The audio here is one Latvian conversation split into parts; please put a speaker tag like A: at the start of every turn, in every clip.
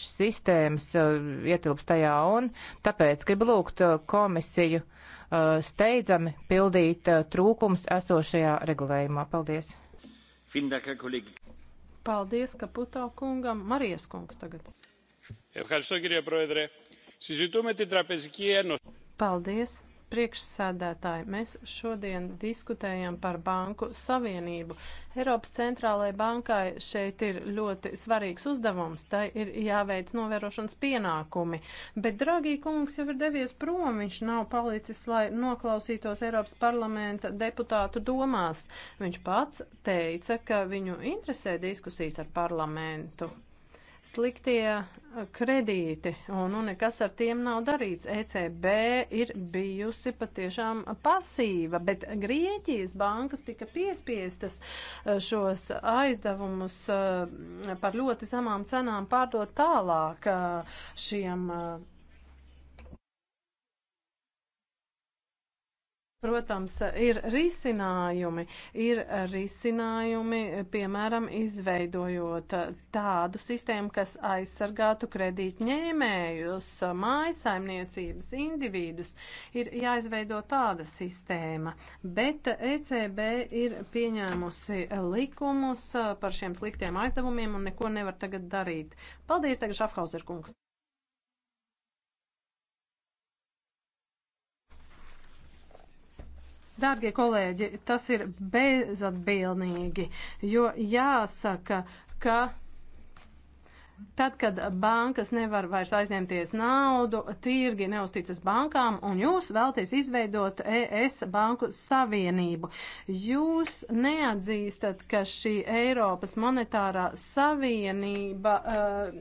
A: sistēmas eh, ietilps tajā un tāpēc gribu lūgt eh, komisiju eh, steidzami pildīt trūkums esošajā regulējumā. Paldies!
B: Paldies, Kaputo kungam. Marijas kungs tagad. Paldies! priekšsēdētāji, mēs šodien diskutējam par banku savienību. Eiropas centrālajai bankai šeit ir ļoti svarīgs uzdevums, tai ir jāveic novērošanas pienākumi, bet Dragī kungs jau ir devies prom, viņš nav palicis, lai noklausītos Eiropas parlamenta deputātu domās. Viņš pats teica, ka viņu interesē diskusijas ar parlamentu sliktie eh, kredīti, un nu, nekas ar tiem nav darīts. ECB ir bijusi patiešām pasīva, bet Grieķijas bankas tika piespiestas eh, šos aizdevumus eh, par ļoti samām cenām pārdot tālāk šiem Protams, ir risinājumi. Ir risinājumi, piemēram, izveidojot tādu sistēmu, kas aizsargātu kredītņēmējus, mājasaimniecības individus. Ir jāizveido tāda sistēma. Bet ECB ir pieņēmusi likumus par šiem sliktiem aizdevumiem un neko nevar tagad darīt. Paldies, tagad Šafhauser kungs. Dārgie kolēģi, tas ir bezatbildīgi, jo jāsaka, ka Tad, kad bankas nevar vairs aizņemties naudu, tirgi neusticas bankām, un jūs vēlties izveidot ES banku savienību. Jūs neatzīstat, ka šī Eiropas monetārā savienība uh,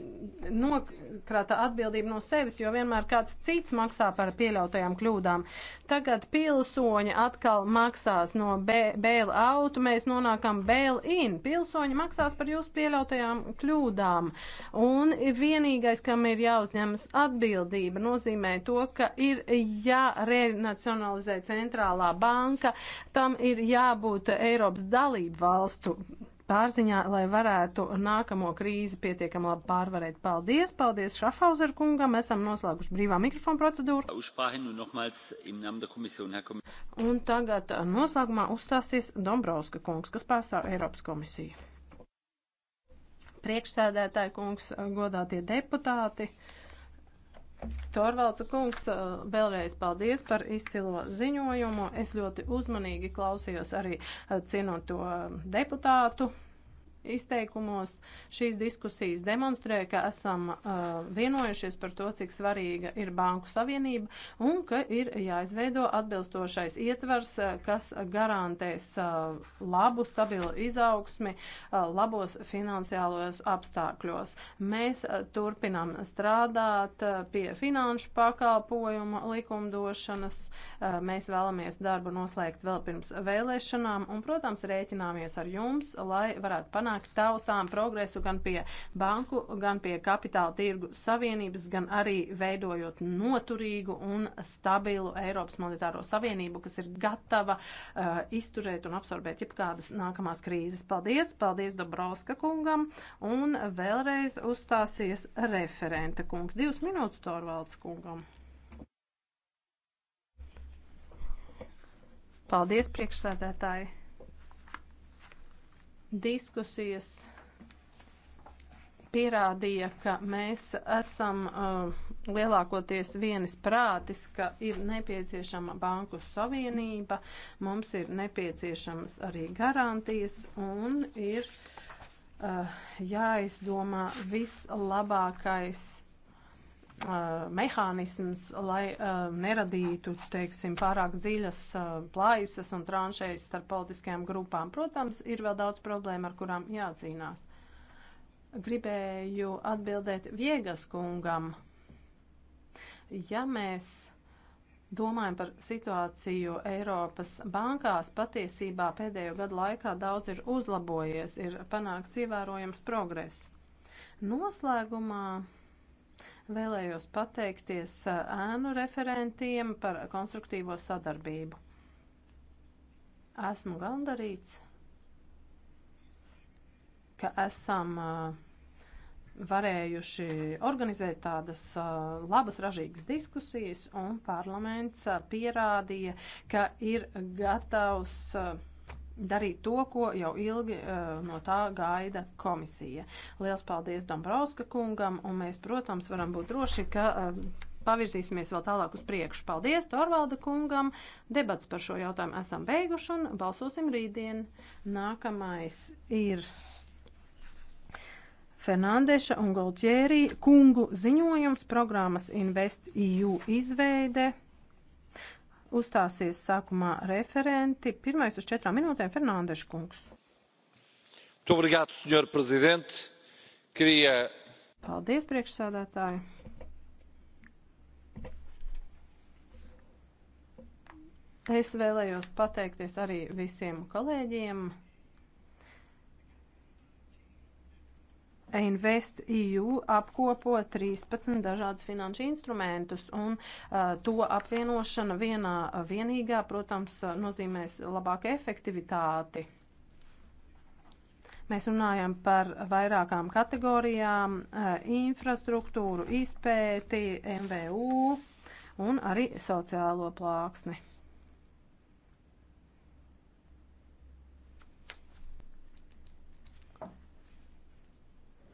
B: nokrata atbildību no sevis, jo vienmēr kāds cits maksā par pieļautajām kļūdām. Tagad pilsoņi atkal maksās no bail out, mēs nonākam bail in. Pilsoņi maksās par jūsu pieļautajām kļūdām. Uh, Un vienīgais, kam ir jāuzņemas atbildība, nozīmē to, ka ir jārenacionalizē centrālā banka, tam ir jābūt Eiropas dalību valstu pārziņā, lai varētu nākamo krīzi pietiekam labi pārvarēt. Paldies, paldies Šafauzer kungam, esam noslēguši brīvā mikrofona procedūru. Nu un tagad uh, noslēgumā uzstāsies Dombrovska kungs, kas pārstāv Eiropas komisiju priekšsēdētāja kungs, eh, godātie deputāti. Torvalds kungs, eh, vēlreiz paldies par izcilo ziņojumu. Es ļoti uzmanīgi klausījos arī eh, cienoto deputātu izteikumos. Šīs diskusijas demonstrē, ka esam uh, vienojušies par to, cik svarīga ir Banku Savienība un ka ir jāizveido atbilstošais ietvers, uh, kas garantēs uh, labu, stabilu izaugsmi uh, labos finansiālajos apstākļos. Mēs uh, turpinām strādāt uh, pie finanšu pakalpojuma likumdošanas. Uh, mēs vēlamies darbu noslēgt vēl pirms vēlēšanām un, protams, rēķināmies ar jums, lai varētu panākt panākt taustām progresu gan pie banku, gan pie kapitāla tirgu savienības, gan arī veidojot noturīgu un stabilu Eiropas monetāro savienību, kas ir gatava uh, izturēt un absorbēt jebkādas nākamās krīzes. Paldies! Paldies Dobrovska kungam! Un vēlreiz uzstāsies referenta kungs. Divas minūtes Torvalds kungam. Paldies, priekšsēdētāji! Diskusijas pierādīja, ka mēs esam uh, lielākoties vienis prātis, ka ir nepieciešama banku savienība, mums ir nepieciešamas arī garantijas un ir uh, jāizdomā vislabākais mehānisms, lai uh, neradītu, teiksim, pārāk dziļas uh, plaisas un tranšējas starp politiskajām grupām. Protams, ir vēl daudz problēmu, ar kurām jācīnās. Gribēju atbildēt Viegas kungam. Ja mēs domājam par situāciju Eiropas bankās, patiesībā pēdējo gadu laikā daudz ir uzlabojies, ir panākts ievērojams progress. Noslēgumā Vēlējos pateikties uh, ēnu referentiem par konstruktīvo sadarbību. Esmu gandarīts, ka esam uh, varējuši organizēt tādas uh, labas, ražīgas diskusijas, un parlaments pierādīja, ka ir gatavs darīt to, ko jau ilgi uh, no tā gaida komisija. Liels paldies Dombrovska kungam, un mēs, protams, varam būt droši, ka uh, pavirzīsimies vēl tālāk uz priekšu. Paldies Torvalda kungam. Debats par šo jautājumu esam beiguši un balsosim rītdien. Nākamais ir. Fernandeša un Galtjērī kungu ziņojums programmas Invest EU izveide. Uzstāsies sākumā referenti. Pirmais uz četrām minūtēm - Fernandeša kungs. Obrigado, senhor presidente. Queria... Paldies, priekšsādātāji. Es vēlējos pateikties arī visiem kolēģiem Invest EU apkopo 13 dažādas finanšu instrumentus, un uh, to apvienošana vienā uh, vienīgā, protams, uh, nozīmēs labāku efektivitāti. Mēs runājam par vairākām kategorijām uh, - infrastruktūru, izpēti, MVU un arī sociālo plāksni.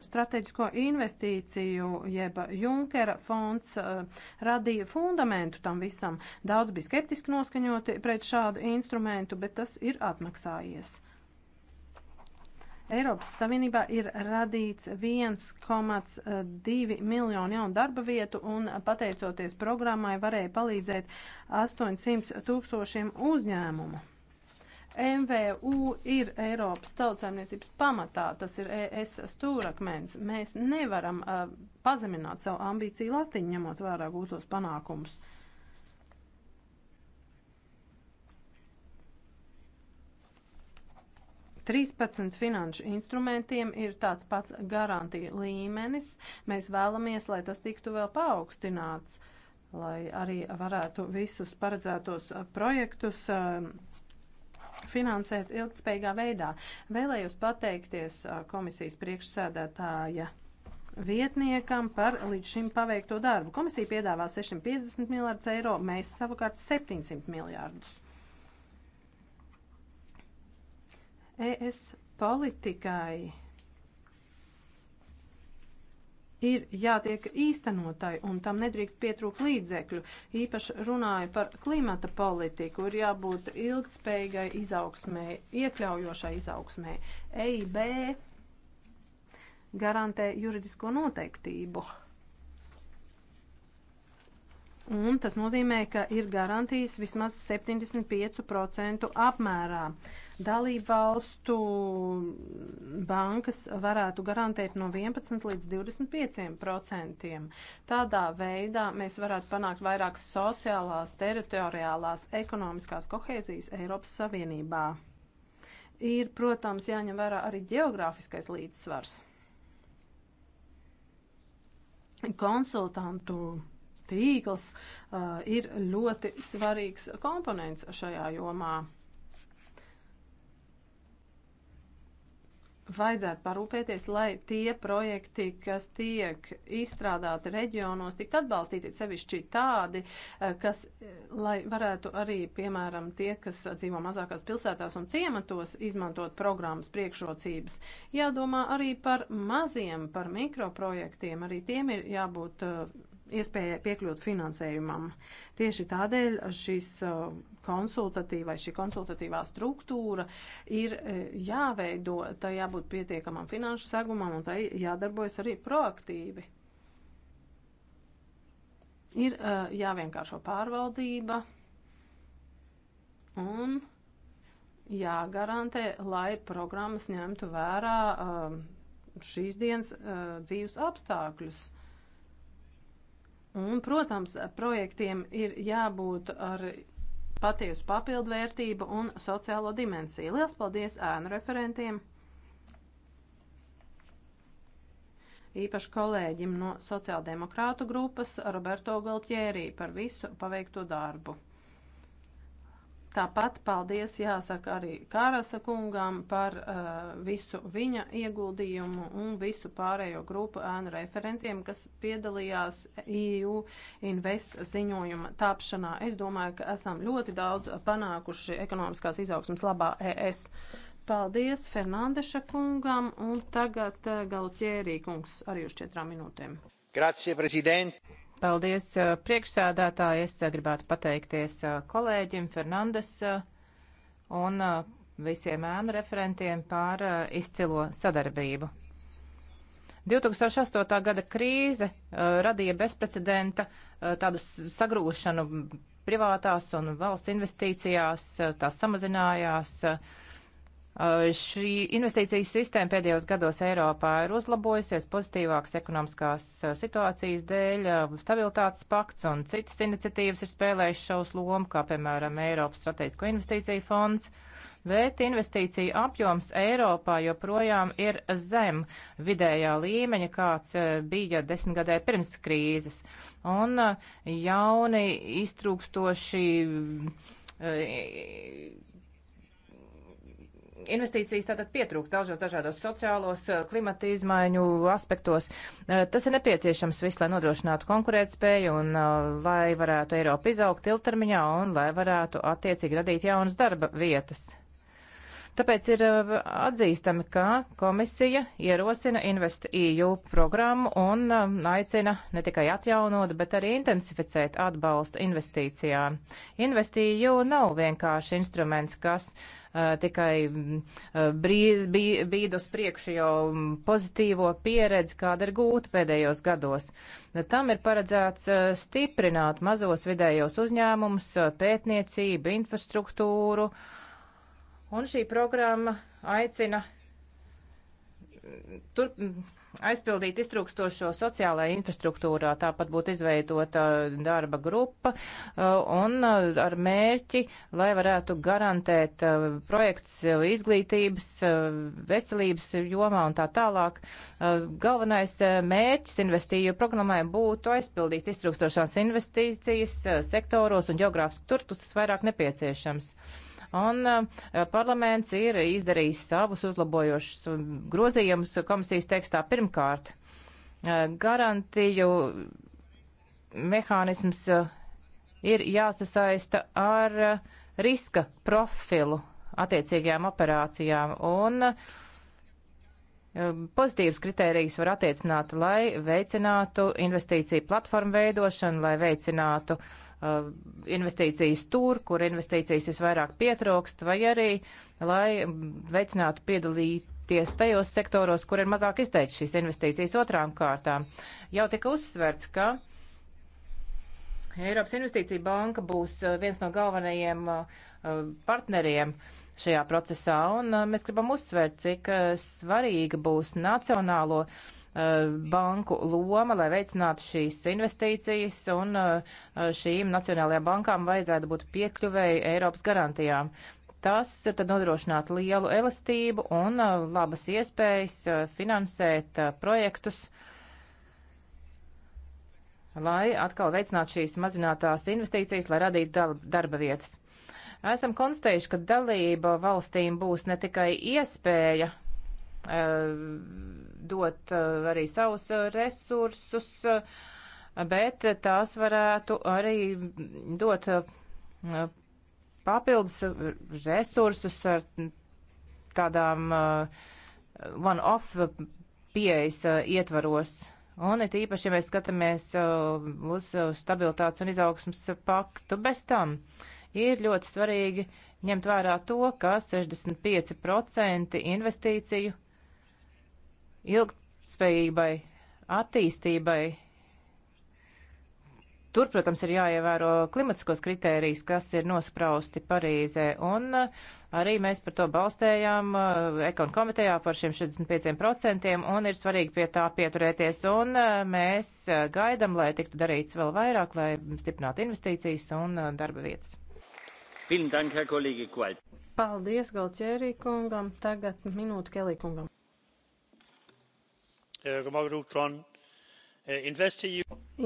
B: strateģisko investīciju, jeb Junkera fonds eh, radīja fundamentu tam visam. Daudz bija skeptiski noskaņoti pret šādu instrumentu, bet tas ir atmaksājies. Eiropas Savienībā ir radīts 1,2 eh, miljonu jaunu darba vietu un eh, pateicoties programmai varēja palīdzēt 800 tūkstošiem uzņēmumu. MVU ir Eiropas tautsājumniecības pamatā, tas ir ES stūrakmens. Mēs nevaram uh, pazemināt savu ambīciju latiņu, ņemot vērā gūtos panākumus. Trīspadsmit finanšu instrumentiem ir tāds pats garantija līmenis. Mēs vēlamies, lai tas tiktu vēl paaugstināts, lai arī varētu visus paredzētos projektus uh, finansēt ilgtspējīgā veidā. Vēlējos pateikties komisijas priekšsēdētāja vietniekam par līdz šim paveikto darbu. Komisija piedāvā 650 miljārdus eiro, mēs savukārt 700 miljārdus. ES politikai ir jātiek īstenotai, un tam nedrīkst pietrūkt līdzekļu. Īpaši runāju par klimata politiku, ir jābūt ilgtspējīgai izaugsmēji, iekļaujošai izaugsmēji. E EIB garantē juridisko noteiktību un tas nozīmē, ka ir garantijas vismaz 75% apmērā. Dalību valstu bankas varētu garantēt no 11 līdz 25%. Tādā veidā mēs varētu panākt vairāk sociālās, teritoriālās, ekonomiskās kohēzijas Eiropas Savienībā. Ir, protams, jāņem vērā arī geogrāfiskais līdzsvars. Konsultantu tīkls uh, ir ļoti svarīgs komponents šajā jomā. vajadzētu parūpēties, lai tie projekti, kas tiek izstrādāti reģionos, tiktu atbalstīti sevišķi tādi, uh, kas, uh, lai varētu arī, piemēram, tie, kas dzīvo mazākās pilsētās un ciematos, izmantot programmas priekšrocības. Jādomā arī par maziem, par mikroprojektiem, arī tiem ir jābūt uh, iespējai piekļūt finansējumam. Tieši tādēļ šis uh, konsultatīvais, šī konsultatīvā struktūra ir uh, jāveido, tai jābūt pietiekamam finanšu segumam un tai jādarbojas arī proaktīvi. Ir uh, jāvienkāršo pārvaldība un jāgarantē, lai programmas ņemtu vērā šīs dienas dzīves apstākļus. Un, protams, projektiem ir jābūt ar patiesu papildvērtību un sociālo dimensiju. Lielas paldies ēnu referentiem! Īpaši kolēģim no sociāldemokrātu grupas Roberto Galtjērī par visu paveikto darbu. Tāpat paldies jāsaka arī Kārasa kungam par uh, visu viņa ieguldījumu un visu pārējo grupu ēnu referentiem, kas piedalījās EU Invest ziņojuma tāpšanā. Es domāju, ka esam ļoti daudz panākuši ekonomiskās izaugsmas labā ES. Paldies Fernandeša kungam un tagad uh, Galuķierī kungs arī uz četrām minūtēm. Grazie, prezident!
A: Paldies priekšsēdētāji. Es gribētu pateikties kolēģim Fernandes un visiem ēnu referentiem par izcilo sadarbību. 2008. gada krīze radīja bezprecedenta tādu sagrūšanu privātās un valsts investīcijās, tās samazinājās. Uh, Eh, šī investīciju sistēma pēdējos gados Eiropā ir uzlabojusies pozitīvākas ekonomiskās eh, situācijas dēļ, eh, stabilitātes pakts un citas iniciatīvas ir spēlējuši šaus lomu, kā piemēram Eiropas strateģisko investīciju fonds, bet investīciju apjoms Eiropā joprojām ir zem vidējā līmeņa, kāds bija desmitgadē pirms krīzes, un jauni iztrūkstoši investīcijas tātad pietrūks daudzos dažādos sociālos, eh, klimata izmaiņu aspektos. Eh, tas ir nepieciešams viss, lai nodrošinātu konkurētspēju un eh, lai varētu Eiropa izaugt ilgtermiņā un lai varētu attiecīgi radīt jaunas darba vietas. Tāpēc ir uh, atzīstami, ka komisija ierosina InvestEU programmu un um, aicina ne tikai atjaunot, bet arī intensificēt atbalstu investīcijām. InvestEU nav vienkārši instruments, kas uh, tikai mm, uh, brīz, bī, bīd uz priekšu jau mm, pozitīvo pieredzi, kāda ir gūta pēdējos gados. Tam ir paredzēts stiprināt mazos vidējos uzņēmumus, pētniecību, infrastruktūru, uh, Un šī programma aicina tur, aizpildīt iztrūkstošo sociālajā infrastruktūrā. Tāpat būtu izveidota darba grupa uh, un uh, ar mērķi, lai varētu garantēt uh, projekts izglītības, veselības jomā un tā tālāk. Galvenais mērķis investīju programmai būtu aizpildīt iztrūkstošās investīcijas sektoros un geogrāfiski tur, tas vairāk nepieciešams un eh, parlaments ir izdarījis savus uzlabojošus um, grozījumus komisijas tekstā pirmkārt. Eh, garantiju mehānisms eh, ir jāsasaista ar riska profilu attiecīgajām operācijām, un pozitīvas kritērijas var attiecināt, lai veicinātu investīciju platformu veidošanu, lai veicinātu uh, Uh, investīcijas tur, kur investīcijas visvairāk pietrūkst, vai arī, lai veicinātu piedalīties tajos sektoros, kur ir mazāk izteikts šīs investīcijas otrām kārtām. Jau tika uzsverts, ka Eiropas Investīcija banka būs uh, viens no galvenajiem uh, partneriem uh, šajā procesā, un uh, mēs gribam uzsvērt, cik uh, svarīga būs nacionālo uh, banku loma, lai veicinātu šīs investīcijas, un šīm nacionālajām bankām vajadzētu būt piekļuvēji Eiropas garantijām. Tas tad nodrošinātu lielu elastību un labas iespējas finansēt projektus, lai atkal veicinātu šīs mazinātās investīcijas, lai radītu darba vietas. Esam konstatējuši, ka dalība valstīm būs ne tikai iespēja eh, dot eh, arī savus resursus, eh, bet tās varētu arī dot papildus resursus ar tādām one-off pieejas ietvaros. Un it īpaši, ja mēs skatāmies uz stabilitātes un izaugsmas paktu bez tam. Uh, ir ļoti svarīgi ņemt vērā to, ka 65% investīciju ilgspējībai, attīstībai Tur, protams, ir jāievēro klimatiskos kritērijus, kas ir nosprausti Parīzē, un uh, arī mēs par to balstējām uh, ekonu komitejā par šiem 65%, un ir svarīgi pie tā pieturēties, un uh, mēs gaidam, lai tiktu darīts vēl vairāk, lai stiprinātu investīcijas un darba vietas.
C: Paldies
B: Galķērī kungam. Tagad minūte Kelī kungam. Eh, eh,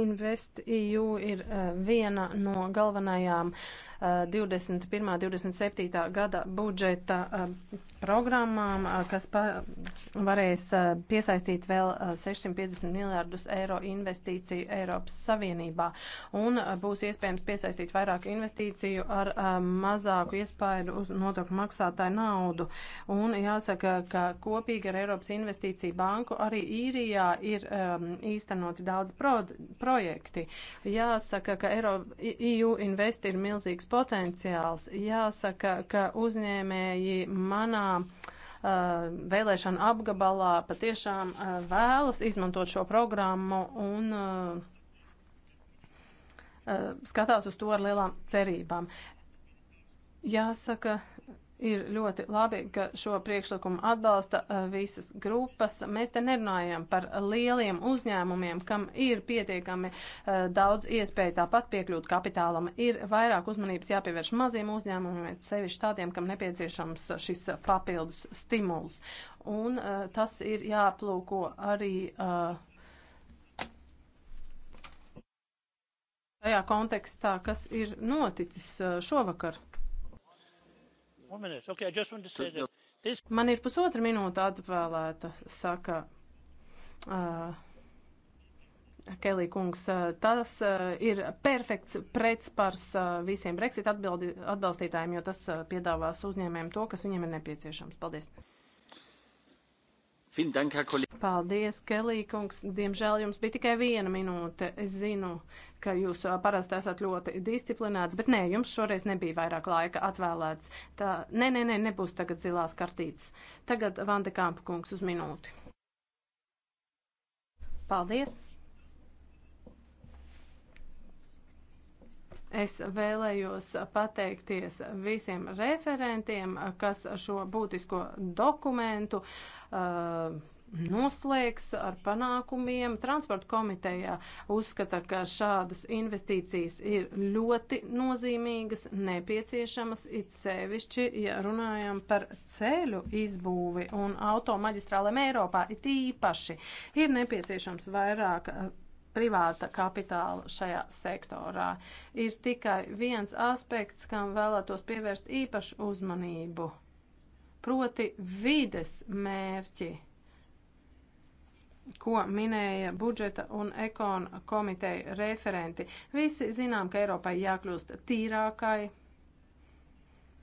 B: InvestEU e ir eh, viena no galvenajām uh, 21. Eh, 27. gada budžeta eh, programmām, eh, kas pa, varēs piesaistīt vēl 650 miljārdus eiro investīciju Eiropas Savienībā. Un būs iespējams piesaistīt vairāk investīciju ar mazāku iespēju uz nodokļu maksātāju naudu. Un jāsaka, ka kopīgi ar Eiropas Investīciju banku arī īrijā ir um, īstenoti daudz pro projekti. Jāsaka, ka Eiro, EU Invest ir milzīgs potenciāls. Jāsaka, ka uzņēmēji manā uh, vēlēšana apgabalā patiešām uh, vēlas izmantot šo programmu un uh, skatās uz to ar lielām cerībām. Jāsaka, Ir ļoti labi, ka šo priekšlikumu atbalsta eh, visas grupas. Mēs te nerunājam par lieliem uzņēmumiem, kam ir pietiekami eh, daudz iespēju tāpat piekļūt kapitālam. Ir vairāk uzmanības jāpievērš maziem uzņēmumiem, sevišķi tādiem, kam nepieciešams šis papildus stimuls. Un eh, tas ir jāplūko arī. Tajā kontekstā, kas ir noticis šovakar. Man ir pusotra minūte atvēlēta, saka uh, Kelī kungs. Uh, tas uh, ir perfekts pretspars uh, visiem Brexit atbalstītājiem, jo tas uh, piedāvās uzņēmējiem to, kas viņiem ir nepieciešams. Paldies! Paldies, Kelī kungs. Diemžēl jums bija tikai viena minūte. Es zinu, ka jūs parasti esat ļoti disciplinēts, bet nē, jums šoreiz nebija vairāk laika atvēlēts. Tā, nē, nē, nē, nebūs tagad zilās kartītes. Tagad Vande Kampa kungs uz minūti. Paldies! Es vēlējos pateikties visiem referentiem, kas šo būtisko dokumentu uh, noslēgs ar panākumiem. Transporta komitejā uzskata, ka šādas investīcijas ir ļoti nozīmīgas, nepieciešamas, it sevišķi, ja runājam par ceļu izbūvi un automaģistrālēm Eiropā, it īpaši ir nepieciešams vairāk uh, privāta kapitāla šajā sektorā. Ir tikai viens aspekts, kam vēlētos pievērst īpašu uzmanību, proti vides mērķi, ko minēja budžeta un ekon komiteja referenti. Visi zinām, ka Eiropai jākļūst tīrākai,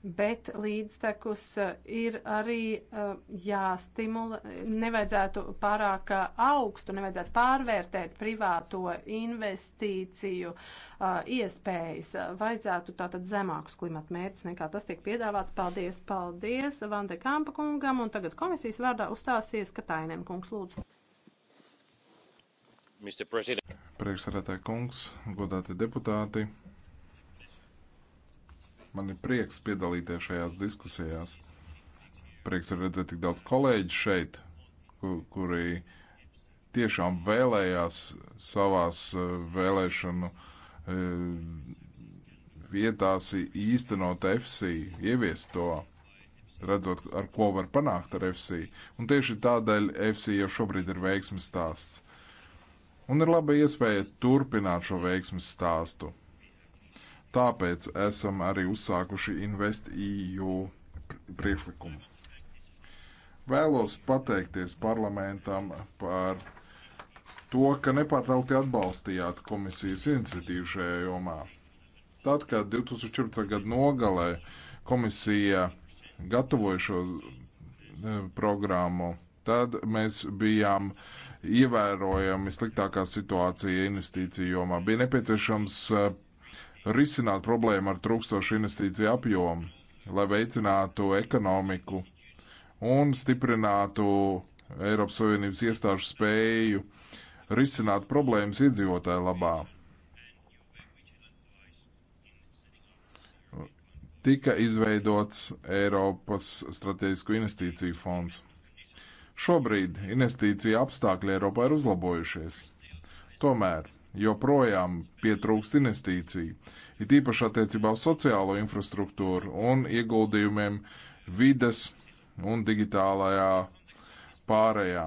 B: bet līdztekus eh, ir arī eh, jāstimulē, nevajadzētu pārāk eh, augstu, nevajadzētu pārvērtēt privāto investīciju iespējas, vajadzētu tātad zemākus klimata mērķus nekā tas tiek piedāvāts. Paldies, paldies Vande Kampa kungam, un tagad komisijas vārdā uzstāsies Katainen kungs lūdzu.
C: Priekšsarētāji kungs, godāti deputāti, Man ir prieks piedalīties šajās diskusijās. Prieks ir redzēt tik daudz kolēģi šeit, kuri tiešām vēlējās savās eh, vēlēšanu eh, vietās īstenot FC, ieviest to redzot, ar ko var panākt ar FC. Un tieši tādēļ FC jau šobrīd ir veiksmes stāsts. Un ir laba iespēja turpināt šo veiksmes stāstu. Tāpēc esam arī uzsākuši InvestEU priekšlikumu. Vēlos pateikties parlamentam par to, ka nepārtraukti atbalstījāt komisijas iniciatīvu šajā jomā. Tad, kad 2014. gada nogalē komisija gatavoja šo e, programmu, tad mēs bijām ievērojami sliktākā situācija investīciju jomā. Bija nepieciešams e, risināt problēmu ar trūkstošu investīciju apjomu, lai veicinātu ekonomiku un stiprinātu Eiropas Savienības iestāžu spēju risināt problēmas iedzīvotāju labā. Tika izveidots Eiropas Stratēģisko investīciju fonds. Šobrīd investīcija apstākļi Eiropā ir uzlabojušies. Tomēr joprojām pietrūkst investīciju, it īpaši attiecībā uz sociālo infrastruktūru un ieguldījumiem vides un digitālajā pārējā.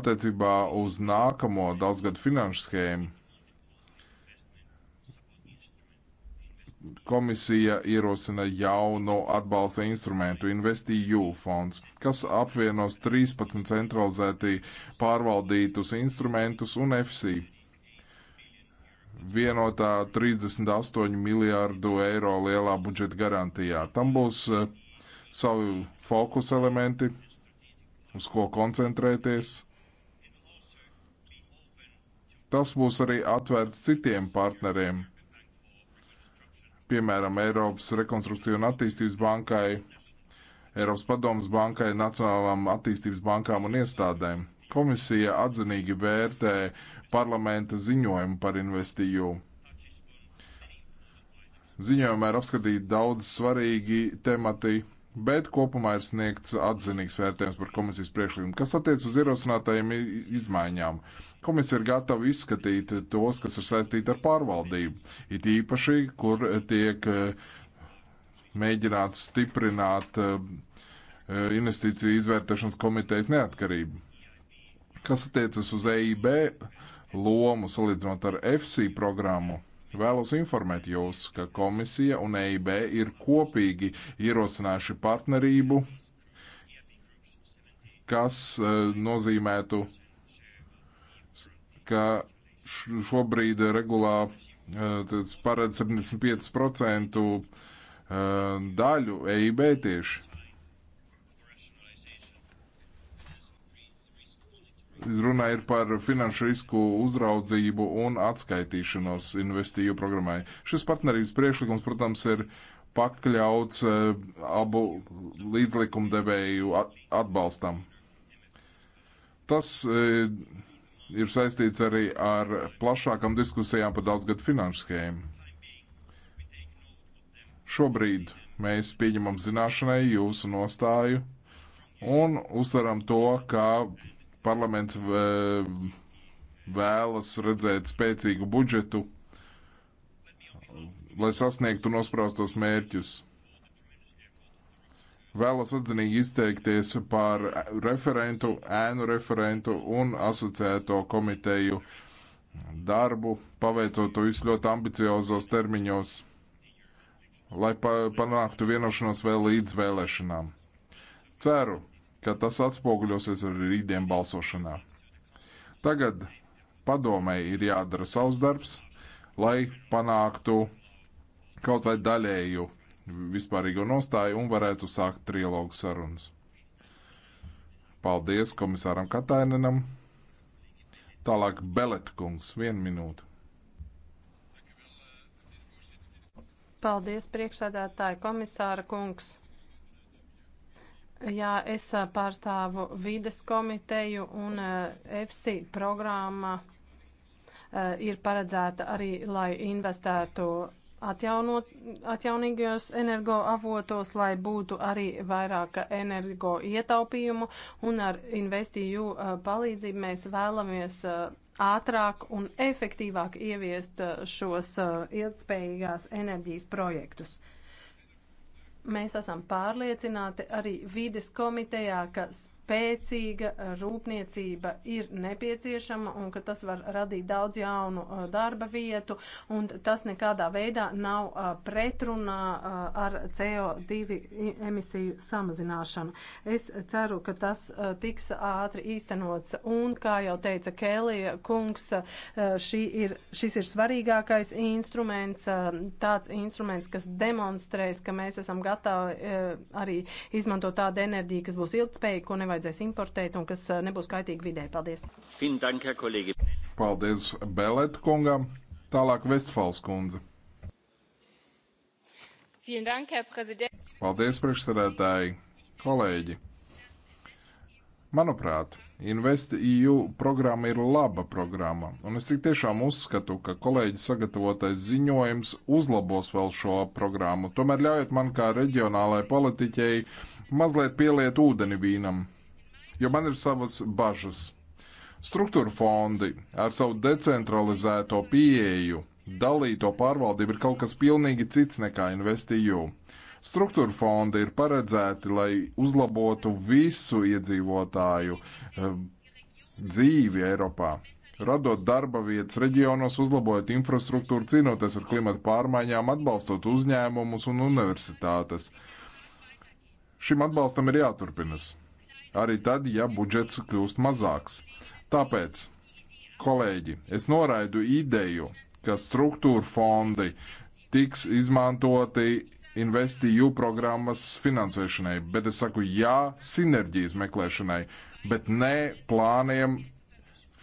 C: Attiecībā uz nākamo daudzgadu finanšu schēmu komisija ierosina jaunu atbalsta instrumentu InvestEU fonds, kas apvienos 13 centralizēti pārvaldītus instrumentus un FC. Vienotā 38 miljārdu eiro lielā budžeta garantijā. Tam būs eh, savi fokus elementi, uz ko koncentrēties. Tas būs arī atvērts citiem partneriem piemēram, Eiropas Rekonstrukcija un attīstības bankai, Eiropas Padomas bankai, Nacionālām attīstības bankām un iestādēm. Komisija atzinīgi vērtē parlamenta ziņojumu par investīju. Ziņojumā ir apskatīti daudz svarīgi temati bet kopumā ir sniegts atzinīgs vērtējums par komisijas priekšlikumu, kas attiec uz ierosinātajiem izmaiņām. Komisija ir gatava izskatīt tos, kas ir saistīti ar pārvaldību, it īpaši, kur tiek eh, mēģināts stiprināt eh, eh, investīciju izvērtēšanas komitejas neatkarību. Kas attiecas uz EIB lomu salīdzinot ar FC programmu, Vēlos informēt jūs, ka komisija un EIB ir kopīgi ierosinājuši partnerību, kas e, nozīmētu, ka šobrīd regulā e, paredz 75% e, daļu EIB tieši. Runa ir par finanšu risku uzraudzību un atskaitīšanos investīju programmai. Šis partnerības priekšlikums, protams, ir pakļauts eh, abu līdzlikumdevēju atbalstam. Tas eh, ir saistīts arī ar plašākām diskusijām par daudzgadu finanšu schēmu. Šobrīd mēs pieņemam zināšanai jūsu nostāju un uztveram to, ka Parlaments e, vēlas redzēt spēcīgu budžetu, lai sasniegtu nospraustos mērķus. Vēlos atzinīgi izteikties par referentu, ēnu referentu un asociēto komiteju darbu, paveicot to visu ļoti ambiciozos termiņos, lai pa panāktu vienošanos vēl līdz vēlēšanām. Ceru, ka tas atspoguļosies arī rītdien balsošanā. Tagad padomēji ir jādara savs darbs, lai panāktu kaut vai daļēju vispārīgo nostāju un varētu sākt trilogu sarunas. Paldies komisāram Katainenam. Tālāk Beletkungs, vienu minūtu.
B: Paldies, priekšsēdētāji komisāra kungs. Jā, es pārstāvu vides komiteju un EFSI programma ir paredzēta arī, lai investētu atjaunot, atjaunīgajos energoavotos, lai būtu arī vairāk energo ietaupījumu un ar investīju palīdzību mēs vēlamies ātrāk un efektīvāk ieviest šos ilgspējīgās enerģijas projektus. Mēs esam pārliecināti arī vides komitejā, ka spēcīga rūpniecība ir nepieciešama un ka tas var radīt daudz jaunu uh, darba vietu un tas nekādā veidā nav uh, pretrunā uh, ar CO2 emisiju samazināšanu. Es ceru, ka tas tiks ātri īstenots un, kā jau teica Kēlija kungs, šī ir, šis ir svarīgākais instruments, tāds instruments, kas demonstrēs, ka mēs esam gatavi arī izmantot tādu enerģiju, kas būs ilgspējīga, ko nevajag nevajadzēs importēt un kas eh, nebūs kaitīgi vidē. Paldies!
C: Paldies Belēt kungam! Tālāk Vestfāls kundze. Paldies, priekšsēdētāji, kolēģi! Manuprāt, InvestEU programma ir laba programma, un es tik tiešām uzskatu, ka kolēģi sagatavotais ziņojums uzlabos vēl šo programmu. Tomēr ļaujiet man kā reģionālai politiķei mazliet pieliet ūdeni vīnam jo man ir savas bažas. Struktūra fondi ar savu decentralizēto pieeju, dalīto pārvaldību ir kaut kas pilnīgi cits nekā investīju. Struktūra fondi ir paredzēti, lai uzlabotu visu iedzīvotāju eh, dzīvi Eiropā radot darba vietas reģionos, uzlabojot infrastruktūru, cīnoties ar klimatu pārmaiņām, atbalstot uzņēmumus un universitātes. Šim atbalstam ir jāturpinas. Arī tad, ja budžets kļūst mazāks. Tāpēc, kolēģi, es noraidu ideju, ka struktūra fondi tiks izmantoti investīju programmas finansēšanai, bet es saku jā sinerģijas meklēšanai, bet ne plāniem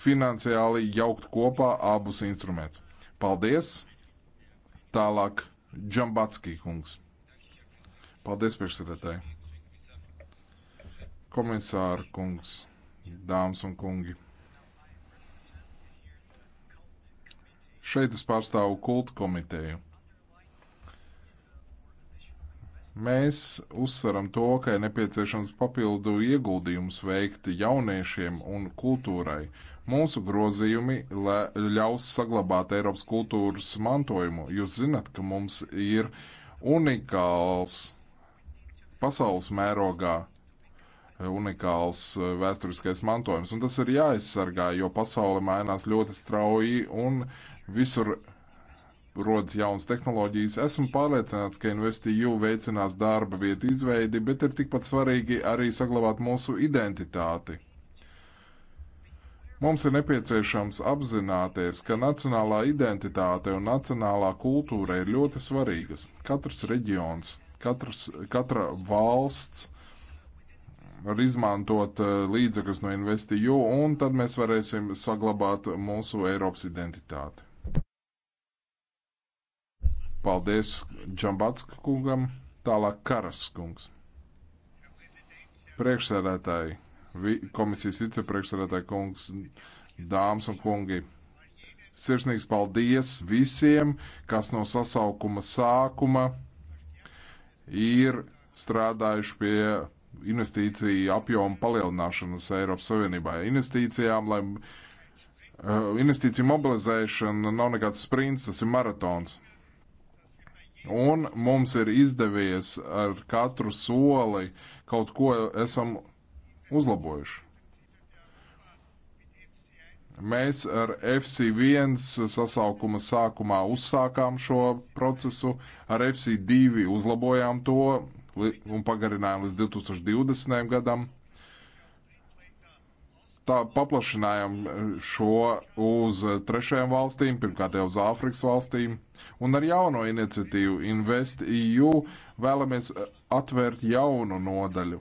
C: finansiāli jaukt kopā abus instrumentus. Paldies! Tālāk Džambatskī kungs. Paldies, priekšsēdētāji! Komisāra kungs, dāmas un kungi. Šeit es pārstāvu kultu komiteju. Mēs uzsveram to, ka ir nepieciešams papildu ieguldījums veikt jauniešiem un kultūrai. Mūsu grozījumi ļaus saglabāt Eiropas kultūras mantojumu. Jūs zinat, ka mums ir unikāls pasaules mērogā Eh, unikāls eh, vēsturiskais mantojums. Un tas ir jāaizsargā, jo pasaule mainās ļoti strauji un visur rodas jaunas tehnoloģijas. Esmu pārliecināts, ka investīju veicinās darba vietu izveidi, bet ir tikpat svarīgi arī saglabāt mūsu identitāti. Mums ir nepieciešams apzināties, ka nacionālā identitāte un nacionālā kultūra ir ļoti svarīgas. Katrs reģions, katrs, katra valsts var izmantot eh, līdzekļus no investiju, un tad mēs varēsim saglabāt mūsu Eiropas identitāti. Paldies Džambatska kungam, tālāk Karas kungs. Priekšsēdētāji, komisijas vicepriekšsēdētāji kungs, dāmas un kungi. Sirsnīgs paldies visiem, kas no sasaukuma sākuma ir strādājuši pie investīciju apjomu palielināšanas Eiropas Savienībā. Investīcijām, lai uh, investīciju mobilizēšana nav nekāds sprints, tas ir maratons. Un mums ir izdevies ar katru soli kaut ko esam uzlabojuši. Mēs ar FC1 sasaukuma sākumā uzsākām šo procesu, ar FC2 uzlabojām to, un pagarinājām līdz 2020. gadam. Tā paplašinājām eh, šo uz eh, trešajām valstīm, pirmkārt jau uz Āfrikas valstīm, un ar jauno iniciatīvu Invest EU vēlamies eh, atvērt jaunu nodaļu.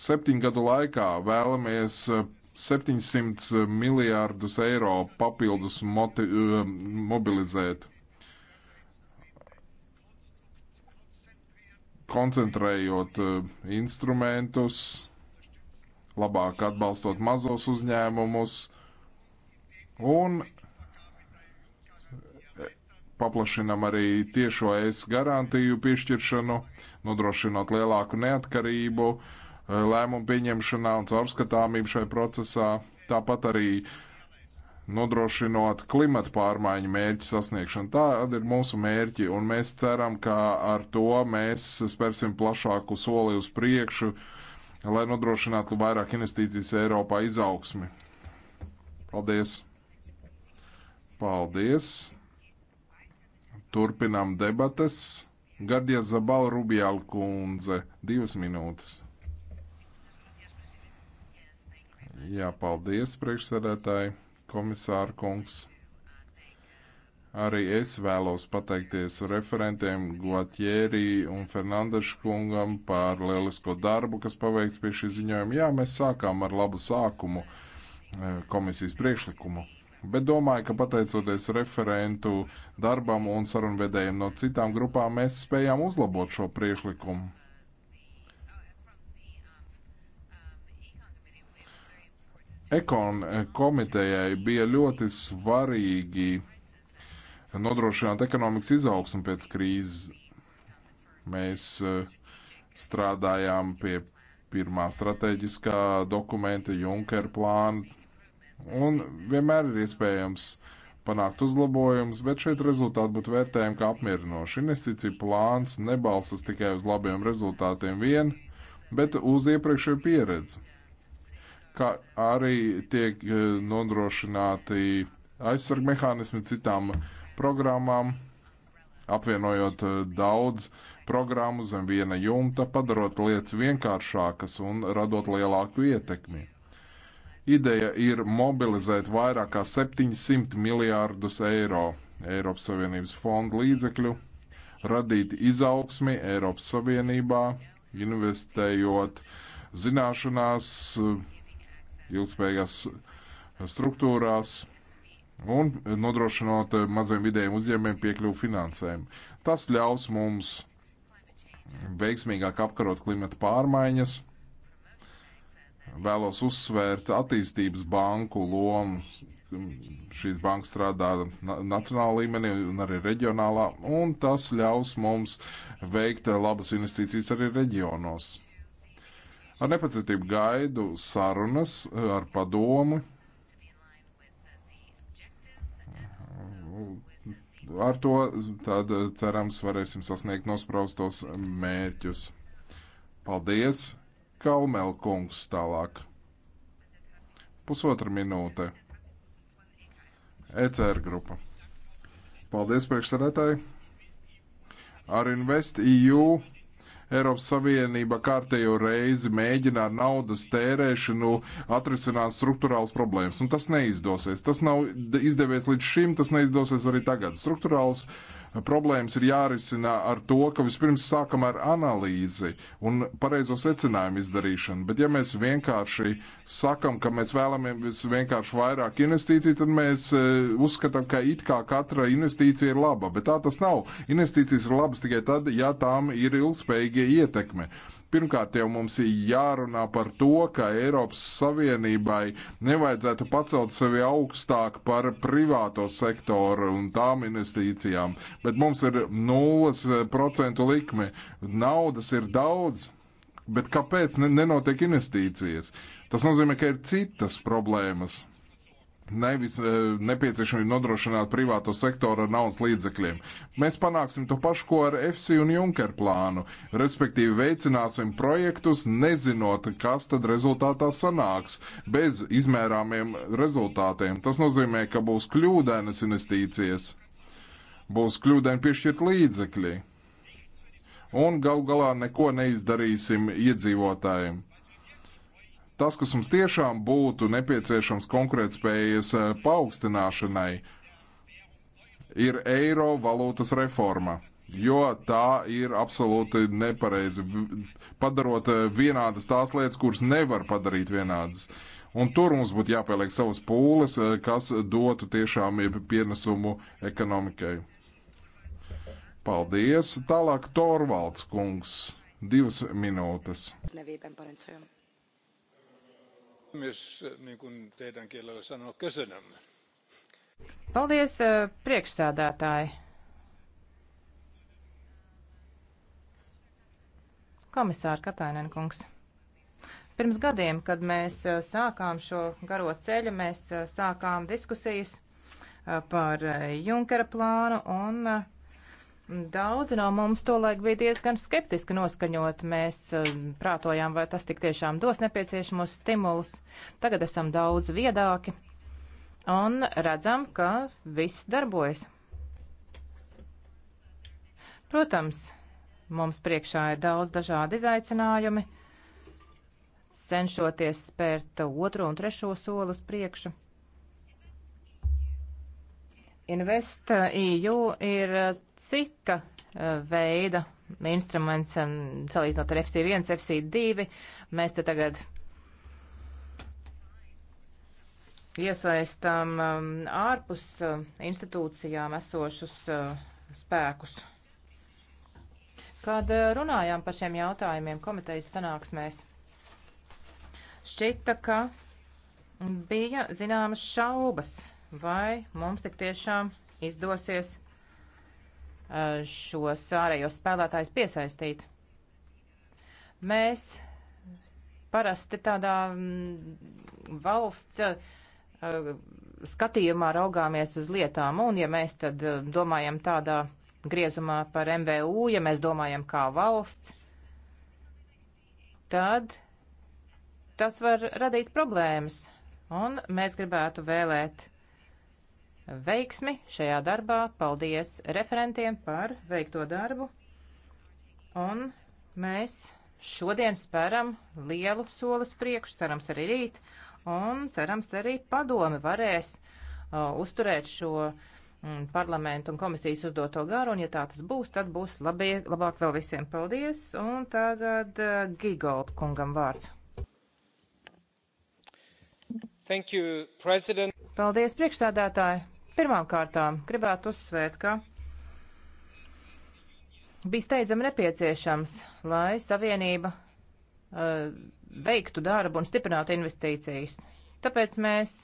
C: Septiņu gadu laikā vēlamies 700 miljārdus eiro papildus moti, mobilizēt. koncentrējot eh, instrumentus, labāk atbalstot mazos uzņēmumus un eh, paplašinam arī tiešo es garantiju piešķiršanu, nodrošinot lielāku neatkarību, eh, lēmumu pieņemšanā un caurskatāmību šai procesā. Tāpat arī nodrošinot klimata pārmaiņu mērķu sasniegšanu. Tāda ir mūsu mērķi, un mēs ceram, ka ar to mēs spērsim plašāku soli uz priekšu, lai nodrošinātu vairāk investīcijas Eiropā izaugsmi. Paldies! Paldies! Turpinām debates. Gardija Zabala Rubjāla kundze, divas minūtes. Jā, paldies, priekšsēdētāji! komisāra kungs. Arī es vēlos pateikties referentiem Guatjērī un Fernandešu kungam par lielisko darbu, kas paveikts pie šī ziņojuma. Jā, mēs sākām ar labu sākumu eh, komisijas priekšlikumu bet domāju, ka pateicoties referentu darbam un sarunvedējiem no citām grupām, mēs spējām uzlabot šo priekšlikumu. Ekon eh, komitejai bija ļoti svarīgi nodrošināt ekonomikas izaugsmu pēc krīzes. Mēs eh, strādājām pie pirmā strateģiskā dokumenta, Junkera plāna, un vienmēr ir iespējams panākt uzlabojumus, bet šeit rezultāti būtu vērtējami kā apmierinoši. Investīcija plāns nebalstas tikai uz labiem rezultātiem vien, bet uz iepriekšēju pieredzi kā arī tiek eh, nodrošināti aizsargmehānismi citām programmām, apvienojot eh, daudz programmu zem viena jumta, padarot lietas vienkāršākas un radot lielāku ietekmi. Ideja ir mobilizēt vairāk kā 700 miljārdus eiro Eiropas Savienības fondu līdzekļu, radīt izaugsmi Eiropas Savienībā, investējot zināšanās, ilgspējīgās eh, struktūrās un nodrošinot eh, maziem vidējiem uzņēmiem piekļuvu finansēm. Tas ļaus mums veiksmīgāk apkarot klimata pārmaiņas. Vēlos uzsvērt attīstības banku lomu. Šīs bankas strādā nacionālā līmenī un arī reģionālā, un tas ļaus mums veikt eh, labas investīcijas arī reģionos. Ar nepacietību gaidu sarunas eh, ar padomu. Ar to tad eh, cerams varēsim sasniegt nospraustos mērķus. Paldies, Kalmelkungs tālāk. Pusotra minūte. ECR grupa. Paldies priekšsarētāji. Ar InvestEU Eiropas Savienība kārtējo reizi mēģina ar naudas tērēšanu atrisināt struktūrāls problēmas. Un tas neizdosies. Tas nav izdevies līdz šim, tas neizdosies arī tagad. Struktūrāls problēmas Problēmas ir jārisina ar to, ka vispirms sākam ar analīzi un pareizo secinājumu izdarīšanu, bet ja mēs vienkārši sakam, ka mēs vēlamies vienkārši vairāk investīciju, tad mēs e, uzskatām, ka it kā katra investīcija ir laba, bet tā tas nav. Investīcijas ir labas tikai tad, ja tām ir ilgspējīgie ietekme. Uh, Pirmkārt, jau mums ir jārunā par to, ka Eiropas Savienībai nevajadzētu pacelt sevi augstāk par privāto sektoru un tām investīcijām, bet mums ir 0% eh, likme. Naudas ir daudz, bet kāpēc nenotiek investīcijas? Tas nozīmē, ka ir citas problēmas nevis e, nepieciešamību nodrošināt privāto sektoru ar naudas līdzekļiem. Mēs panāksim to pašu, ko ar FC un Junker plānu, respektīvi veicināsim projektus, nezinot, kas tad rezultātā sanāks, bez izmērāmiem rezultātiem. Tas nozīmē, ka būs kļūdainas investīcijas, būs kļūdaini piešķirt līdzekļi, un gal galā neko neizdarīsim iedzīvotājiem. Tas, kas mums tiešām būtu nepieciešams konkurētspējas eh, paaugstināšanai, ir eiro valūtas reforma, jo tā ir absolūti nepareizi. Padarot eh, vienādas tās lietas, kuras nevar padarīt vienādas. Un tur mums būtu jāpieliek savas pūles, eh, kas dotu tiešām pienesumu ekonomikai. Paldies! Tālāk Torvalds kungs, divas minūtes.
B: Nevībēm, puhemies niin kuin teidän kielellä sanoo köszönöm.
A: Paldies, eh, priekšstādātāji. Komisāra Katainen kungs. Pirms gadiem, kad mēs eh, sākām šo garo ceļu, mēs eh, sākām diskusijas par Junkera plānu un Daudzi no mums tolaik bija diezgan skeptiski noskaņot. Mēs eh, prātojām, vai tas tik tiešām dos nepieciešamos stimulus. Tagad esam daudz viedāki un redzam, ka viss darbojas. Protams, mums priekšā ir daudz dažādi izaicinājumi, cenšoties spērt otro un trešo soli uz priekšu. Invest EU ir cita eh, veida instruments, salīdzinot ar FC1, FC2. Mēs te tagad iesaistām ārpus eh, institūcijām esošus eh, spēkus. Kad runājām par šiem jautājumiem komitejas sanāksmēs, šķita, ka bija zināmas šaubas, vai mums tik tiešām izdosies Eh, šos ārējos spēlētājus piesaistīt. Mēs parasti tādā mm, valsts eh, skatījumā raugāmies uz lietām, un ja mēs tad eh, domājam tādā griezumā par MVU, ja mēs domājam kā valsts, tad tas var radīt problēmas, un mēs gribētu vēlēt veiksmi šajā darbā. Paldies referentiem par veikto darbu. Un mēs šodien speram lielu solus priekš, cerams arī rīt, un cerams arī padomi varēs uh, uzturēt šo mm, parlamentu un komisijas uzdoto garu, un ja tā tas būs, tad būs labie, labāk vēl visiem paldies, un tagad uh, Gigold kungam vārds. Thank you, President. Paldies, priekšsādātāji! Pirmām kārtām gribētu uzsvērt, ka bija steidzami nepieciešams, lai Savienība uh, veiktu darbu un stiprinātu investīcijas. Tāpēc mēs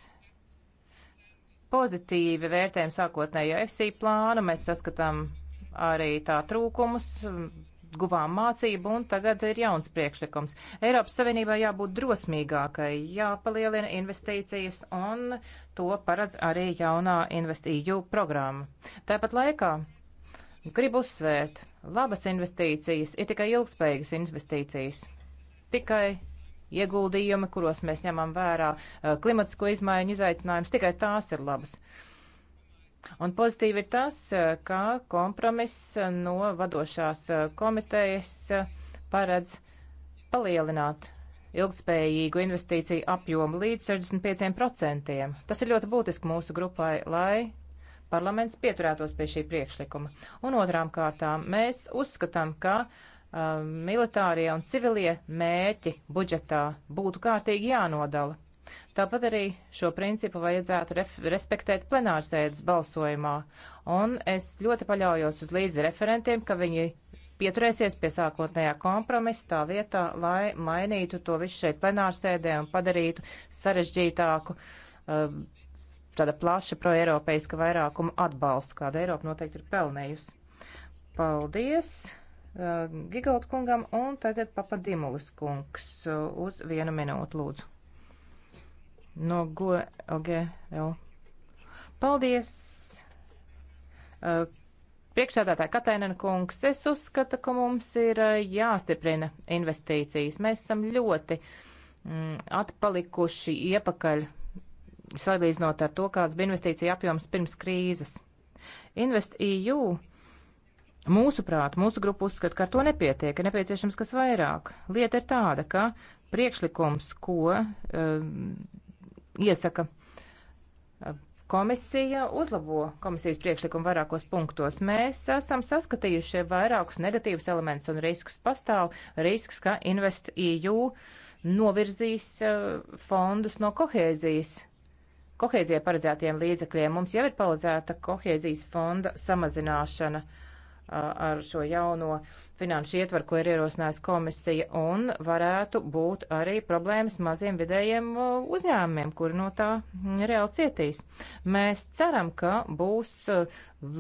A: pozitīvi vērtējam sākotnējo FC plānu, mēs saskatām arī tā trūkumus, guvām mācību un tagad ir jauns priekšlikums. Eiropas Savienībā jābūt drosmīgākai, jāpalielina investīcijas un to paredz arī jaunā investīju programma. Tāpat laikā gribu uzsvērt, labas investīcijas ir tikai ilgspējīgas investīcijas. Tikai ieguldījumi, kuros mēs ņemam vērā eh, klimatisko izmaiņu izaicinājumus, tikai tās ir labas. Uh, Un pozitīvi ir tas, eh, ka kompromiss eh, no vadošās eh, komitejas paredz palielināt ilgspējīgu investīciju apjomu līdz 65%. Tas ir ļoti būtiski mūsu grupai, lai parlaments pieturētos pie šī priekšlikuma. Un otrām kārtām mēs uzskatām, ka um, militārie un civilie mērķi budžetā būtu kārtīgi jānodala. Tāpat arī šo principu vajadzētu respektēt plenārsēdes balsojumā, un es ļoti paļaujos uz līdz referentiem, ka viņi pieturēsies pie sākotnējā kompromisa tā vietā, lai mainītu to visu šeit plenārsēdē un padarītu sarežģītāku um, tāda plaša proeiropeiska vairākuma atbalstu, kādu Eiropa noteikti ir pelnējusi. Paldies! Uh, Gigaut kungam un tagad papadimulis kungs uh, uz vienu minūtu lūdzu no GOGL. E Paldies! Uh, Priekšsādātāja Katainen kungs, es uzskatu, ka mums ir uh, jāstiprina investīcijas. Mēs esam ļoti mm, atpalikuši iepakaļ, salīdzinot ar to, kāds bija investīcija apjoms pirms krīzes. Invest EU, mūsuprāt, mūsu grupa uzskata, ka ar to nepietiek, ir nepieciešams kas vairāk. Lieta ir tāda, ka priekšlikums, ko um, iesaka komisija uzlabo komisijas priekšlikumu vairākos punktos. Mēs esam saskatījuši vairākus negatīvus elementus un riskus pastāv. Risks, ka Invest EU novirzīs eh, fondus no kohēzijas. Kohēzijai paredzētiem līdzekļiem mums jau ir paredzēta kohēzijas fonda samazināšana eh, ar šo jauno finanšu ietvaru, ko ir ierosinājusi komisija, un varētu būt arī problēmas maziem vidējiem uzņēmumiem, kuri no tā reāli cietīs. Mēs ceram, ka būs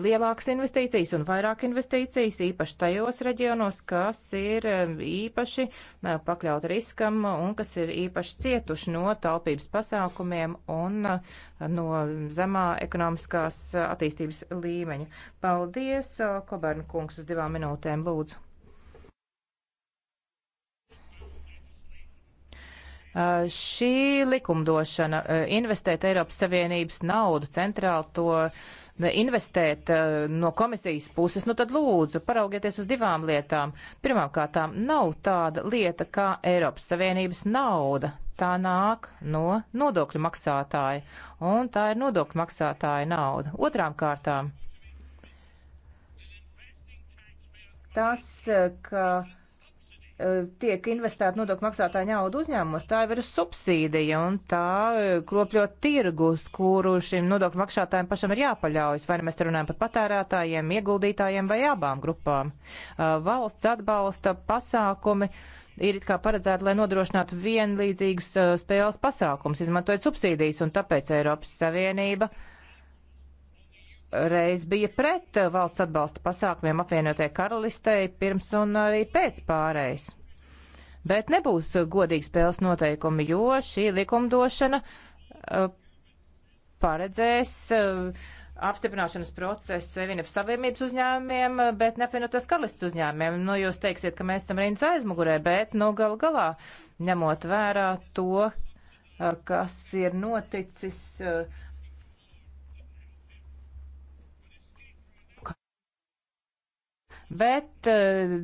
A: lielākas investīcijas un vairāk investīcijas, īpaši tajos reģionos, kas ir e, īpaši e, pakļaut riskam un kas ir īpaši cietuši no taupības pasākumiem un e, no zemā ekonomiskās attīstības līmeņa. Paldies, Koberna kungs, uz divām minūtēm lūdzu. Eh, šī likumdošana eh, investēt Eiropas Savienības naudu, centrāli to eh, investēt no komisijas puses, nu tad lūdzu paraugieties uz divām lietām. Pirmkārtām, nav tāda lieta kā Eiropas Savienības nauda. Tā nāk no nodokļu maksātāja, un tā ir nodokļu maksātāja nauda. Otrām kārtām, tas, ka E, tiek investēta nodokļu maksātāja nauda uzņēmumos, tā jau ir subsīdija un tā e, kropļo tirgus, kuru šim nodokļu maksātājiem pašam ir jāpaļaujas, vai nu mēs te runājam par patērētājiem, ieguldītājiem vai abām grupām. E, valsts atbalsta pasākumi ir it kā paredzēti, lai nodrošinātu vienlīdzīgus spēles pasākums, izmantojot subsīdijas, un tāpēc Eiropas Savienība uh, reiz bija pret valsts atbalsta pasākumiem apvienotie karalistei pirms un arī pēc pārējais. Bet nebūs godīgi spēles noteikumi, jo šī likumdošana eh, paredzēs eh, apstiprināšanas procesu Eivienības Savienības uzņēmumiem, bet neapvienotās karalists uzņēmumiem. Nu, jūs teiksiet, ka mēs esam rindas aizmugurē, bet, nu, gal galā, ņemot vērā to, eh, kas ir noticis uh, bet uh,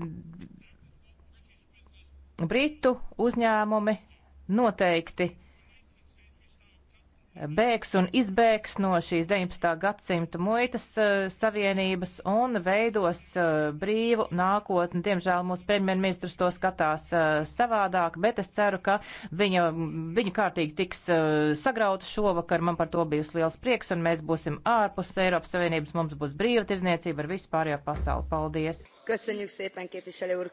A: Britu uzņēmumi noteikti uh, bēgs un izbēgs no šīs 19. gadsimta muitas eh, savienības un veidos eh, brīvu nākotni. Diemžēl mūsu premjerministrs to skatās eh, savādāk, bet es ceru, ka viņa, viņa kārtīgi tiks sagrauta šovakar. Man par to bijis liels prieks un mēs būsim ārpus Eiropas Savienības. Mums būs brīva tirzniecība ar vispārējo pasauli. Paldies!
B: Köszönjük szépen, képviselő úr!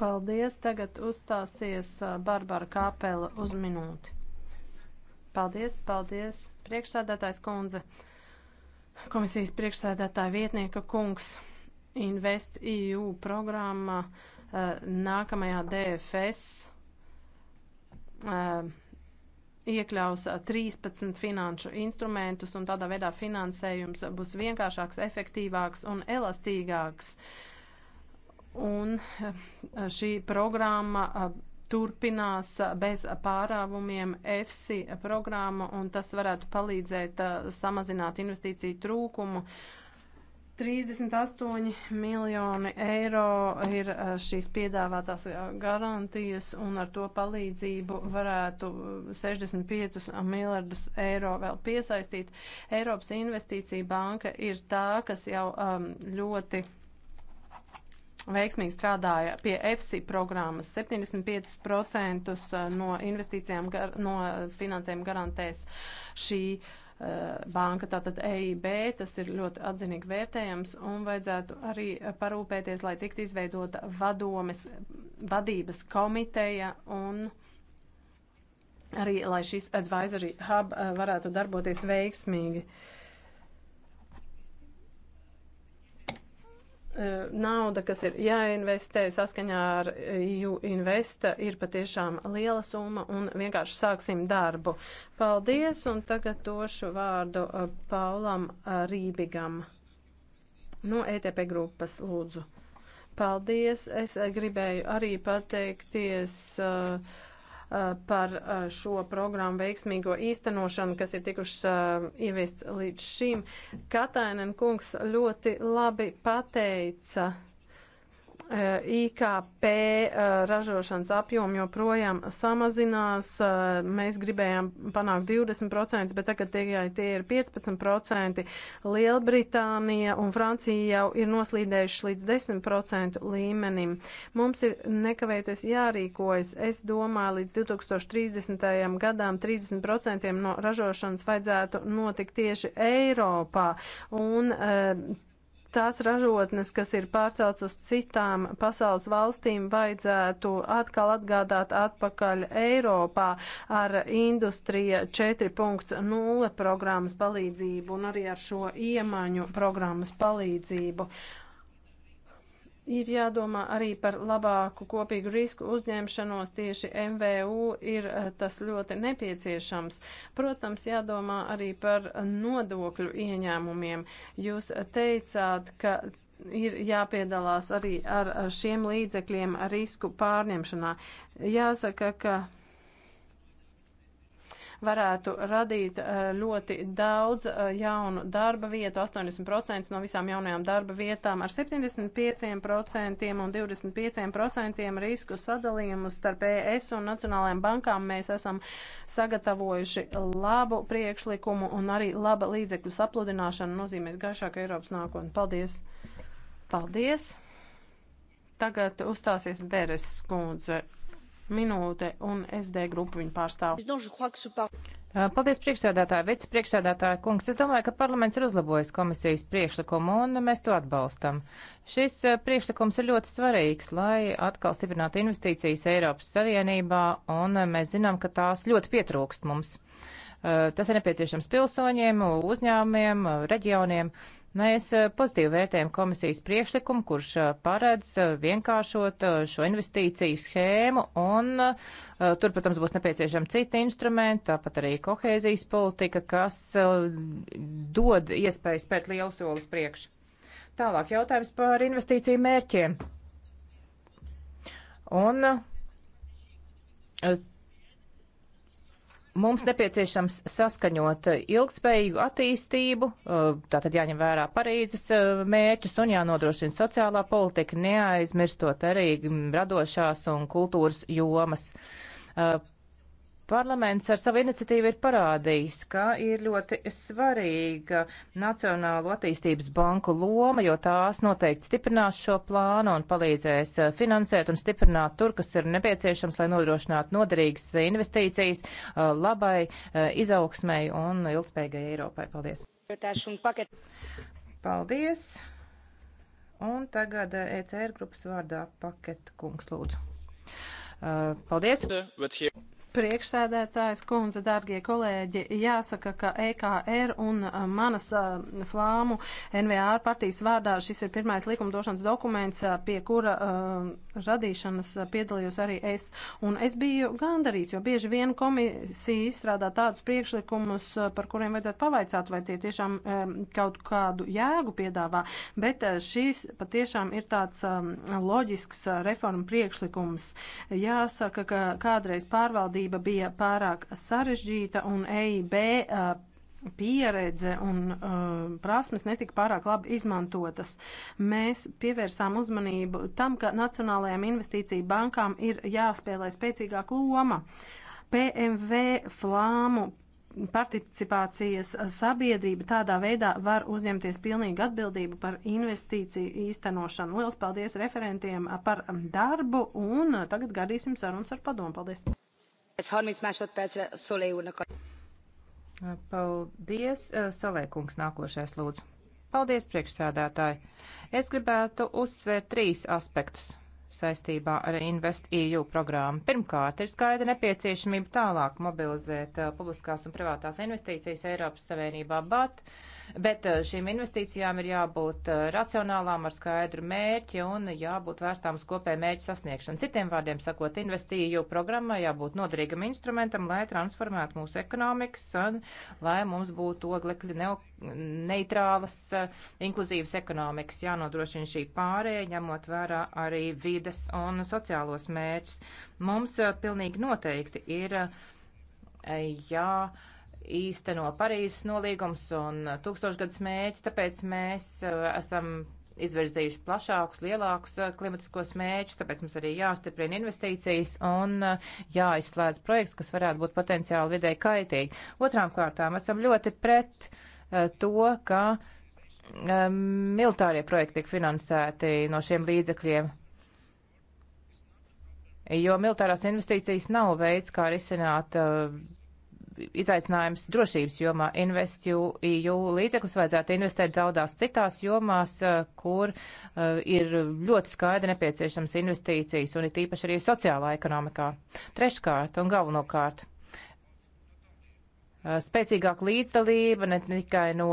B: Paldies! Tagad uzstāsies Barbara Kāpela uz minūti. Paldies, paldies, priekšsēdētājs kundze, komisijas priekšsēdētāja vietnieka kungs, Invest EU programma, eh, nākamajā DFS eh, iekļaus 13 finanšu instrumentus, un tādā veidā finansējums būs vienkāršāks, efektīvāks un elastīgāks. Un eh, šī programma turpinās bez pārāvumiem EFSI programma, un tas varētu palīdzēt uh, samazināt investīciju trūkumu. 38 miljoni eiro ir uh, šīs piedāvātās uh, garantijas, un ar to palīdzību varētu 65 miljardus eiro vēl piesaistīt. Eiropas investīcija banka ir tā, kas jau um, ļoti veiksmīgi strādāja pie EFSI programmas. 75% uh, no investīcijām gar, no finansējuma garantēs šī uh, banka, tātad EIB, tas ir ļoti atzinīgi vērtējams un vajadzētu arī parūpēties, lai tiktu izveidota vadomes, vadības komiteja un arī, lai šis advisory hub uh, varētu darboties veiksmīgi. Uh, nauda, kas ir jāinvestē saskaņā ar EU Investa, ir patiešām liela summa un vienkārši sāksim darbu. Paldies, un tagad došu vārdu Paulam Rībigam no ETP grupas lūdzu. Paldies, es gribēju arī pateikties. Uh, Eh, par eh, šo programmu veiksmīgo īstenošanu, kas ir tikušas eh, ieviests līdz šim. Katainen kungs ļoti labi pateica Eh, IKP eh, ražošanas apjomi joprojām samazinās. Eh, mēs gribējām panākt 20%, bet tagad tikai tie ir 15%. Lielbritānija un Francija jau ir noslīdējuši līdz 10% līmenim. Mums ir nekavējoties jārīkojas. Es domāju, līdz 2030. gadām 30% no ražošanas vajadzētu notikt tieši Eiropā. Un, tās ražotnes, kas ir pārcelts uz citām pasaules valstīm, vajadzētu atkal atgādāt atpakaļ Eiropā ar Industrija 4.0 programmas palīdzību un arī ar šo iemaņu programmas palīdzību. Ir jādomā arī par labāku kopīgu risku uzņemšanos, tieši MVU ir eh, tas ļoti nepieciešams. Protams, jādomā arī par nodokļu ieņēmumiem. Jūs teicāt, ka ir jāpiedalās arī ar šiem līdzekļiem risku pārņemšanā. Jāsaka, ka varētu radīt eh, ļoti daudz eh, jaunu darba vietu, 80% no visām jaunajām darba vietām ar 75% un 25% risku sadalījumu starp ES un Nacionālajām bankām mēs esam sagatavojuši labu priekšlikumu un arī laba līdzekļu sapludināšana nozīmēs gaišāku Eiropas nākotni. Paldies! Paldies! Tagad uzstāsies Beres skundze minūte un SD grupu viņa pārstāv. Uh, paldies,
A: priekšsēdētāji, vicepriekšsēdētāji kungs. Es domāju, ka parlaments ir uzlabojis komisijas priekšlikumu un mēs to atbalstam. Šis uh, priekšlikums ir ļoti svarīgs, lai atkal stiprinātu investīcijas Eiropas Savienībā un uh, mēs zinām, ka tās ļoti pietrūkst mums. Tas ir nepieciešams pilsoņiem, uzņēmumiem, reģioniem. Mēs eh, pozitīvi vērtējam komisijas priekšlikumu, kurš eh, paredz eh, vienkāršot šo investīciju schēmu, un tur, protams, būs nepieciešama cita instrumenta, tāpat arī kohēzijas politika, kas dod iespēju spērt lielu solis priekš. Tālāk jautājums par investīciju mērķiem. Un Mums nepieciešams saskaņot ilgspējīgu attīstību, uh, tātad jāņem vērā Parīzes uh, mērķus un jānodrošina sociālā politika, neaizmirstot arī radošās un kultūras jomas. Uh, Parlaments ar savu iniciatīvu ir parādījis, ka ir ļoti svarīga Nacionālo attīstības banku loma, jo tās noteikti stiprinās šo plānu un palīdzēs eh, finansēt un stiprināt tur, kas ir nepieciešams, lai nodrošinātu noderīgas investīcijas eh, labai eh, izaugsmai un ilgspējīgai Eiropai. Paldies! Paldies! Un tagad ECR e grupas vārdā paketu kungs lūdzu. Paldies!
B: Priekšsēdētājs kundze, dārgie kolēģi, jāsaka, ka EKR un manas flāmu NVR partijas vārdā šis ir pirmais likumdošanas dokuments, pie kura uh, radīšanas piedalījos arī es. Un es biju gandarīts, jo bieži vien komisija izstrādā tādus priekšlikumus, par kuriem vajadzētu pavaicāt, vai tie tiešām um, kaut kādu jēgu piedāvā. Bet uh, šis patiešām ir tāds um, loģisks reformu priekšlikums. Jāsaka, ka kādreiz pārvaldība pārvaldība bija pārāk sarežģīta un EIB uh, pieredze un uh, prasmes netika pārāk labi izmantotas. Mēs pievērsām uzmanību tam, ka Nacionālajām investīciju bankām ir jāspēlē spēcīgāka loma. PMV flāmu participācijas sabiedrība tādā veidā var uzņemties pilnīgu atbildību par investīciju īstenošanu. Liels paldies referentiem par darbu un tagad gadīsim sarunas ar padomu. Paldies! Ez 30 másodpercre Solē úrnak.
A: Paldies. Eh, Solē kungs nākošais lūdzu. Paldies, priekšsēdētāji. Es gribētu uzsvērt trīs aspektus saistībā ar InvestEU programmu. Pirmkārt, ir skaidra nepieciešamība tālāk mobilizēt uh, publiskās un privātās investīcijas Eiropas Savienībā, bet, bet uh, šīm investīcijām ir jābūt uh, racionālām ar skaidru mērķi un jābūt vērstām uz kopēju mērķu sasniegšanu. Citiem vārdiem sakot, InvestEU programmai jābūt noderīgam instrumentam, lai transformētu mūsu ekonomikas un lai mums būtu oglekļa neokrītība neitrālas, eh, inkluzīvas ekonomikas. Jānodrošina šī pārēja, ņemot vērā arī vides un sociālos mērķus. Mums eh, pilnīgi noteikti ir eh, jā īsteno Parīzes nolīgums un tūkstošgadus mērķi, tāpēc mēs esam izvirzījuši plašākus, lielākus klimatiskos mērķus, tāpēc mums arī jāstiprina investīcijas un jāizslēdz projekts, kas varētu būt potenciāli vidē kaitīgi. Otrām kārtām esam ļoti pret uh, to, ka militārie projekti tiek finansēti no šiem līdzekļiem. Jo militārās investīcijas nav veids, kā risināt uh, eh, izaicinājums drošības jomā. InvestEU līdzekļus vajadzētu investēt zaudās citās jomās, uh, kur uh, ir ļoti skaidri nepieciešams investīcijas un ir tīpaši arī sociālā ekonomikā. Treškārt un galvenokārt Eh, spēcīgāka līdzdalība ne tikai no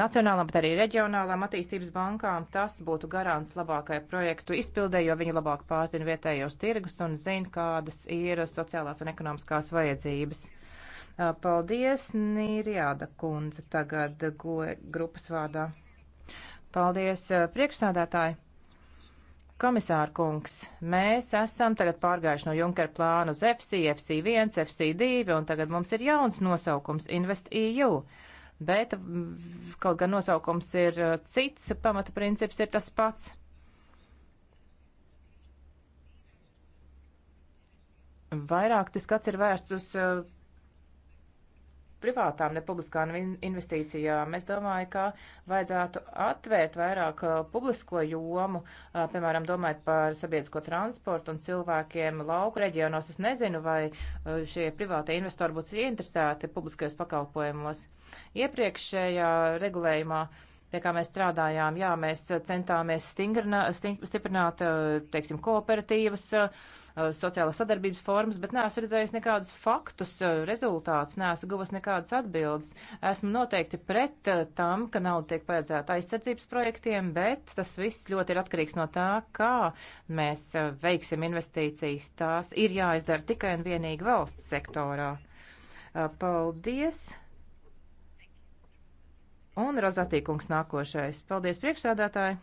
A: nacionālām, bet arī reģionālām attīstības bankām. Tas būtu garants labākai projektu izpildē, jo viņi labāk pārzina vietējos tirgus un zina, kādas ir sociālās un ekonomiskās vajadzības. Eh, paldies, Nīriāda kundze, tagad goja grupas vārdā. Paldies, eh, priekšsādātāji! Komisāra kungs, mēs esam tagad pārgājuši no Junker plānu uz FC, FC1, FC2, un tagad mums ir jauns nosaukums InvestEU. Bet kaut gan nosaukums ir uh, cits, pamata princips ir tas pats. Vairāk tas skats ir vērsts uz uh, privātām, ne publiskām investīcijām. Es domāju, ka vajadzētu atvērt vairāk uh, publisko jomu, uh, piemēram, domājot par sabiedrisko transportu un cilvēkiem lauku reģionos. Es nezinu, vai uh, šie privātie investori būtu ieinteresēti publiskajos pakalpojumos. Iepriekšējā regulējumā uh, pie kā mēs strādājām. Jā, mēs uh, centāmies stingrina, stiprināt, uh, teiksim, kooperatīvas, uh, sociālās sadarbības formas, bet neesmu redzējis nekādus faktus, rezultātus, neesmu guvis nekādas atbildes. Esmu noteikti pret tam, ka nauda tiek paredzēta aizsardzības projektiem, bet tas viss ļoti ir atkarīgs no tā, kā mēs veiksim investīcijas. Tās ir jāizdara tikai un vienīgi valsts sektorā. Paldies! Un Rozatīkungs nākošais. Paldies priekšsādātāji.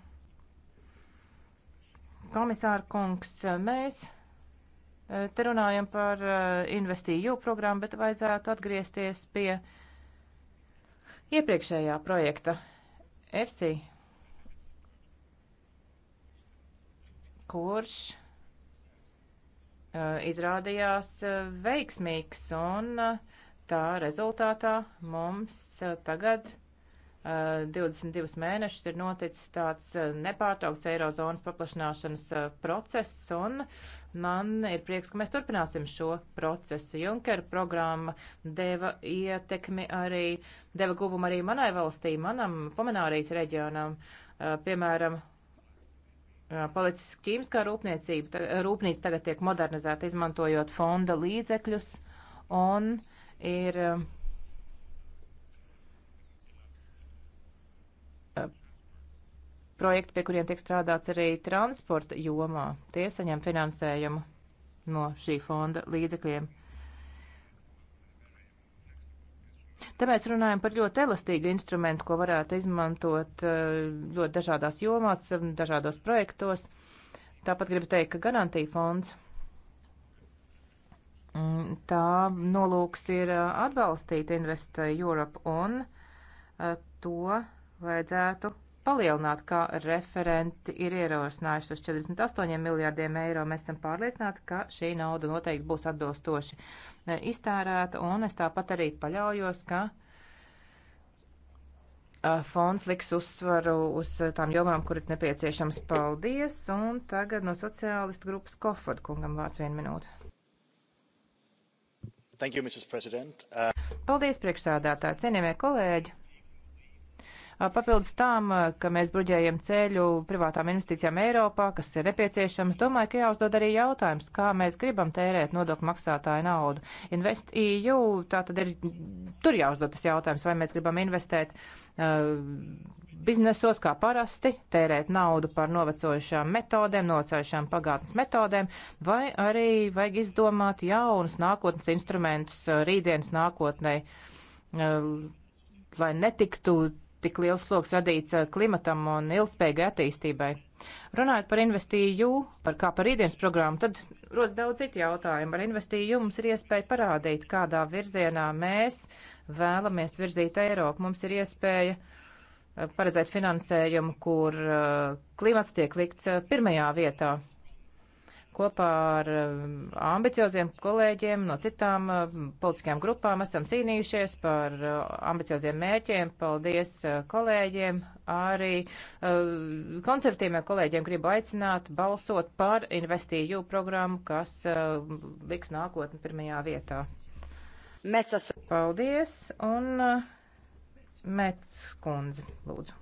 A: Komisāra kungs, mēs eh, te runājam par eh, investīju programmu, bet vajadzētu atgriezties pie iepriekšējā projekta FC, kurš eh, izrādījās veiksmīgs un tā rezultātā mums tagad 22 eh, mēnešus ir noticis tāds eh, nepārtraukts eirozonas paplašināšanas eh, process, un man ir prieks, ka mēs turpināsim šo procesu. Junkera programma deva ietekmi arī, deva guvumu arī manai valstī, manam Pomenārijas reģionam, piemēram, Palicis ķīmiskā rūpniecība, rūpnīca tagad tiek modernizēta, izmantojot fonda līdzekļus, un ir uh, projekti, pie kuriem tiek strādāts arī transporta jomā. Tie saņem finansējumu no šī fonda līdzekļiem. Te mēs runājam par ļoti elastīgu instrumentu, ko varētu izmantot eh, ļoti dažādās jomās, dažādos projektos. Tāpat gribu teikt, ka garantija fonds mm, tā nolūks ir eh, atbalstīt Invest Europe un eh, to vajadzētu palielināt, kā referenti ir ierosinājuši uz 48 miljārdiem eiro. Mēs esam pārliecināti, ka šī nauda noteikti būs atbilstoši e, iztērēta, un es tāpat arī paļaujos, ka e, fonds liks uzsvaru uz tām jomām, kur ir nepieciešams. Paldies, un tagad no sociālistu grupas Kofod kungam vārds vienu minūtu. You, uh... Paldies, priekšsādātā, cienījamie kolēģi! Papildus tām, ka mēs bruģējam ceļu privātām investīcijām Eiropā, kas ir nepieciešams, domāju, ka jāuzdod arī jautājums, kā mēs gribam tērēt nodokļu maksātāju naudu. Invest EU, tā tad ir, tur jāuzdod tas jautājums, vai mēs gribam investēt biznesos kā parasti, tērēt naudu par novecojušām metodēm, novecojušām pagātnes metodēm, vai arī vajag izdomāt jaunus nākotnes instrumentus rītdienas nākotnē, lai netiktu tik liels sloks radīts eh, klimatam un ilgspējīgai attīstībai. Runājot par investīju, par kā par rītdienas programmu, tad rodas daudz citu jautājumu. Ar investīju mums ir iespēja parādīt, kādā virzienā mēs vēlamies virzīt Eiropu. Mums ir iespēja eh, paredzēt finansējumu, kur eh, klimats tiek likts pirmajā vietā kopā ar um, ambicioziem kolēģiem no citām um, politiskajām grupām esam cīnījušies par uh, ambicioziem mērķiem. Paldies uh, kolēģiem, arī uh, konservatīviem kolēģiem gribu aicināt balsot par investīju programmu, kas liks nākotni pirmajā vietā. Mecas. Paldies, un Mets kundze, lūdzu.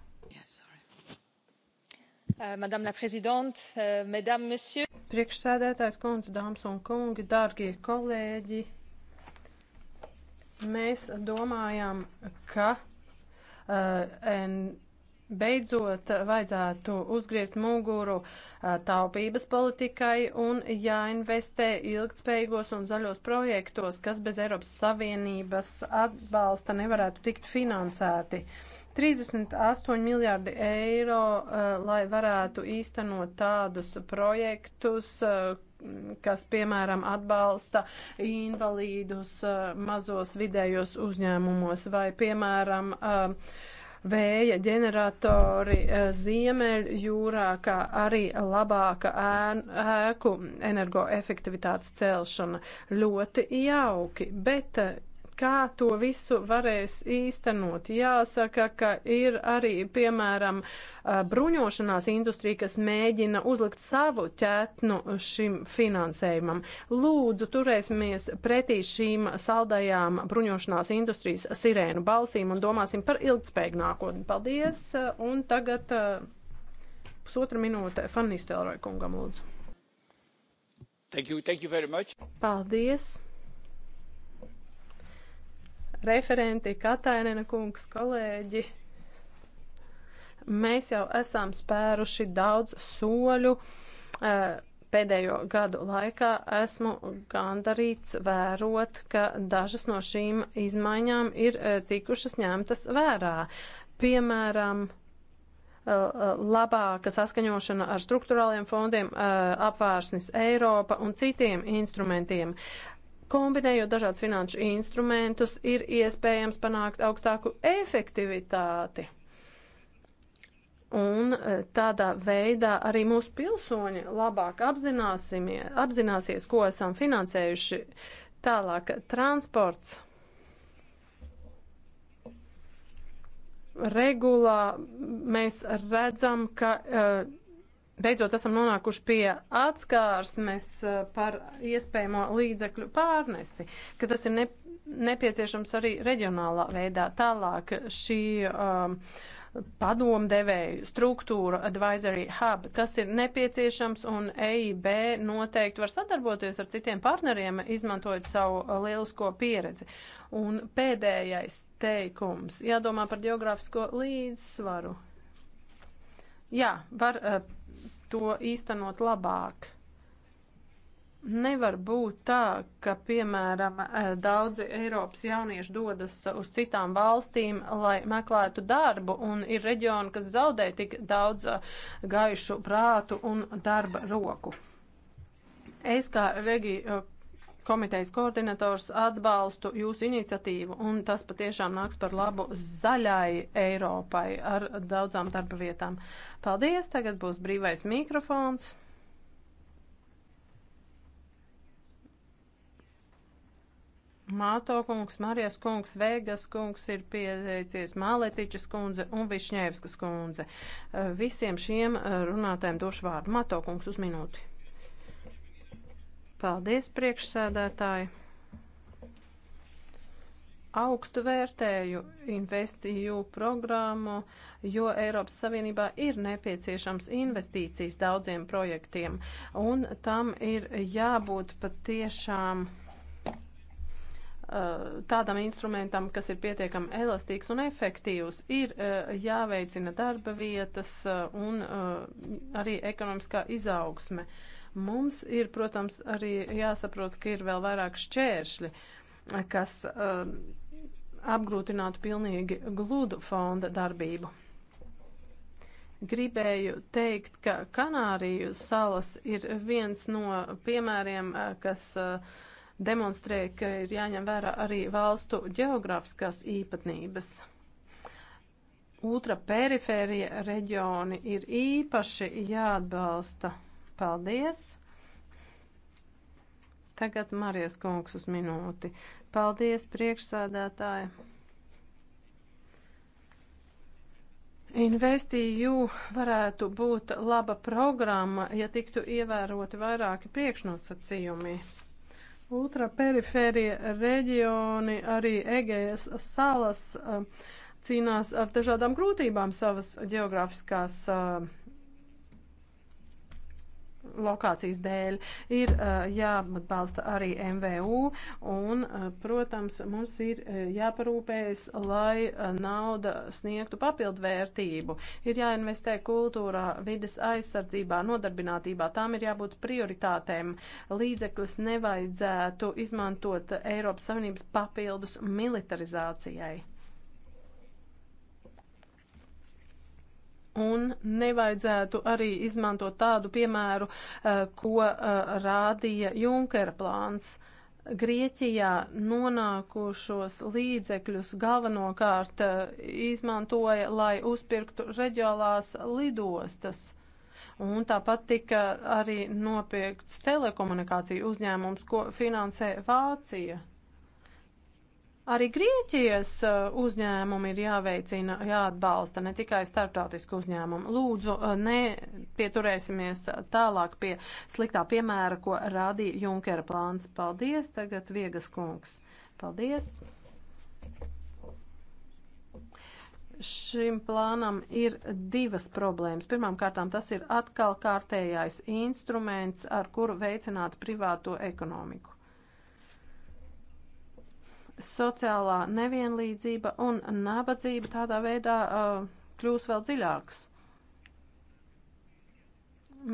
B: Euh, Madame la prezidente, euh, mesdames, monsieur. Priekšsēdētājs kundze, dāmas un kungi, dārgie kolēģi, mēs domājam, ka uh, en, Beidzot, vajadzētu uzgriezt muguru uh, taupības politikai un jāinvestē ilgtspējīgos un zaļos projektos, kas bez Eiropas Savienības atbalsta nevarētu tikt finansēti. Uh, 38 miljārdi eiro, eh, lai varētu īstenot tādus projektus, eh, kas, piemēram, atbalsta invalīdus eh, mazos vidējos uzņēmumos vai, piemēram, vēja ģeneratori Ziemeļjūrā, kā arī labāka ēku energoefektivitātes celšana. Ļoti jauki, bet kā to visu varēs īstenot. Jāsaka, ka ir arī, piemēram, bruņošanās industrija, kas mēģina uzlikt savu ķetnu šim finansējumam. Lūdzu, turēsimies pretī šīm saldajām bruņošanās industrijas sirēnu balsīm un domāsim par ilgspējīgu nākotni. Paldies! Un tagad pusotra minūte Fanny Stelroja kungam lūdzu.
C: Thank you, thank
A: you very much.
B: Paldies! referenti, Katainena kungs, kolēģi. Mēs jau esam spēruši daudz soļu. Eh, pēdējo gadu laikā esmu gandarīts vērot, ka dažas no šīm izmaiņām ir eh, tikušas ņemtas vērā. Piemēram, eh, labāka saskaņošana ar struktūrāliem fondiem, apvārsnis Eiropa un citiem instrumentiem. Kombinējot dažādus finanšu instrumentus, ir iespējams panākt augstāku efektivitāti. Un e, tādā veidā arī mūsu pilsoņi labāk apzināsies, ko esam finansējuši. Tālāk transports. Regulā mēs redzam, ka uh, beidzot esam nonākuši pie atskārsmes eh, par iespējamo līdzekļu pārnesi, ka tas ir ne, nepieciešams arī reģionālā veidā. Tālāk šī um, padomdevēju struktūra Advisory Hub, tas ir nepieciešams un EIB noteikti var sadarboties ar citiem partneriem, izmantojot savu eh, lielisko pieredzi. Un pēdējais teikums jādomā par geogrāfisko līdzsvaru. Jā, var uh, to īstenot labāk. Nevar būt tā, ka, piemēram, eh, daudzi Eiropas jaunieši dodas uz citām valstīm, lai meklētu darbu, un ir reģioni, kas zaudē tik daudz eh, gaišu prātu un darba roku. Es kā Regija komitejas koordinators atbalstu jūsu iniciatīvu, un tas patiešām nāks par labu zaļai Eiropai ar daudzām darba vietām. Paldies, tagad būs brīvais mikrofons. Māto kungs, Marijas kungs, Vēgas kungs ir pieteicies, Māletiķas kundze un Višņēvskas kundze. Visiem šiem runātājiem došu vārdu. Māto kungs uz minūti. Paldies, priekšsēdētāji! augstu vērtēju investīju programmu, jo Eiropas Savienībā ir nepieciešams investīcijas daudziem projektiem, un tam ir jābūt patiešām eh, tādam instrumentam, kas ir pietiekami elastīgs un efektīvs, ir eh, jāveicina darba vietas eh, un arī ekonomiskā izaugsme. Mums ir, protams, arī jāsaprot, ka ir vēl vairāk šķēršļi, kas uh, apgrūtinātu pilnīgi gludu fonda darbību. Gribēju teikt, ka Kanāriju salas ir viens no piemēriem, eh, kas uh, demonstrē, ka ir jāņem vērā arī valstu geogrāfiskās īpatnības. Ultraperifērija reģioni ir īpaši jāatbalsta. Paldies! Tagad Marijas kungs uz minūti. Paldies, priekšsādātāji! Investīju varētu būt laba programma, ja tiktu ievēroti vairāki priekšnosacījumi. Ultraperifērie reģioni, arī Egejas salas cīnās ar dažādām grūtībām savas geogrāfiskās uh, lokācijas dēļ. Ir uh, jāatbalsta arī MVU un, uh, protams, mums ir uh, jāparūpējas, lai nauda sniegtu papildvērtību. Ir jāinvestē kultūrā, vides aizsardzībā, nodarbinātībā. Tām ir jābūt prioritātēm. Līdzekļus nevajadzētu izmantot Eiropas Savienības papildus militarizācijai. Un nevajadzētu arī izmantot tādu piemēru, eh, ko eh, rādīja Junkera plāns. Grieķijā nonākušos līdzekļus galvenokārt eh, izmantoja, lai uzpirktu reģionālās lidostas. Un tāpat tika arī nopirkts telekomunikāciju uzņēmums, ko finansē Vācija. Arī Grieķijas uh, uzņēmumi ir jāveicina, jāatbalsta, ne tikai startautisku uzņēmumu. Lūdzu, uh, nepieturēsimies uh, tālāk pie sliktā piemēra, ko rādīja Junkera plāns. Paldies, tagad Viegas kungs. Paldies! šim plānam ir divas problēmas. Pirmkārt, tas ir atkal kārtējais instruments, ar kuru veicināt privāto ekonomiku sociālā nevienlīdzība un nabadzība tādā veidā uh, kļūs vēl dziļāks.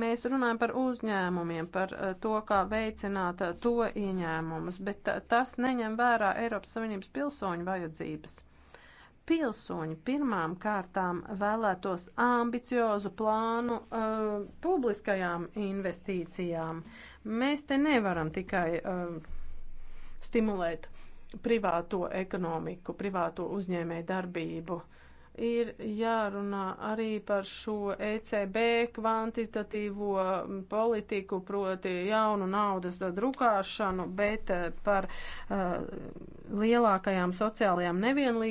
B: Mēs runājam par uzņēmumiem, par uh, to, kā veicināt uh, to ieņēmumus, bet uh, tas neņem vērā Eiropas Savienības pilsoņu vajadzības. Pilsoņi pirmām kārtām vēlētos ambiciozu plānu uh, publiskajām investīcijām. Mēs te nevaram tikai uh, stimulēt privāto ekonomiku, privāto uzņēmēju darbību. Ir jārunā arī par šo ECB kvantitatīvo mm, politiku, proti jaunu naudas drukāšanu, bet eh, par uh, lielākajām sociālajām nevienlīdzībām.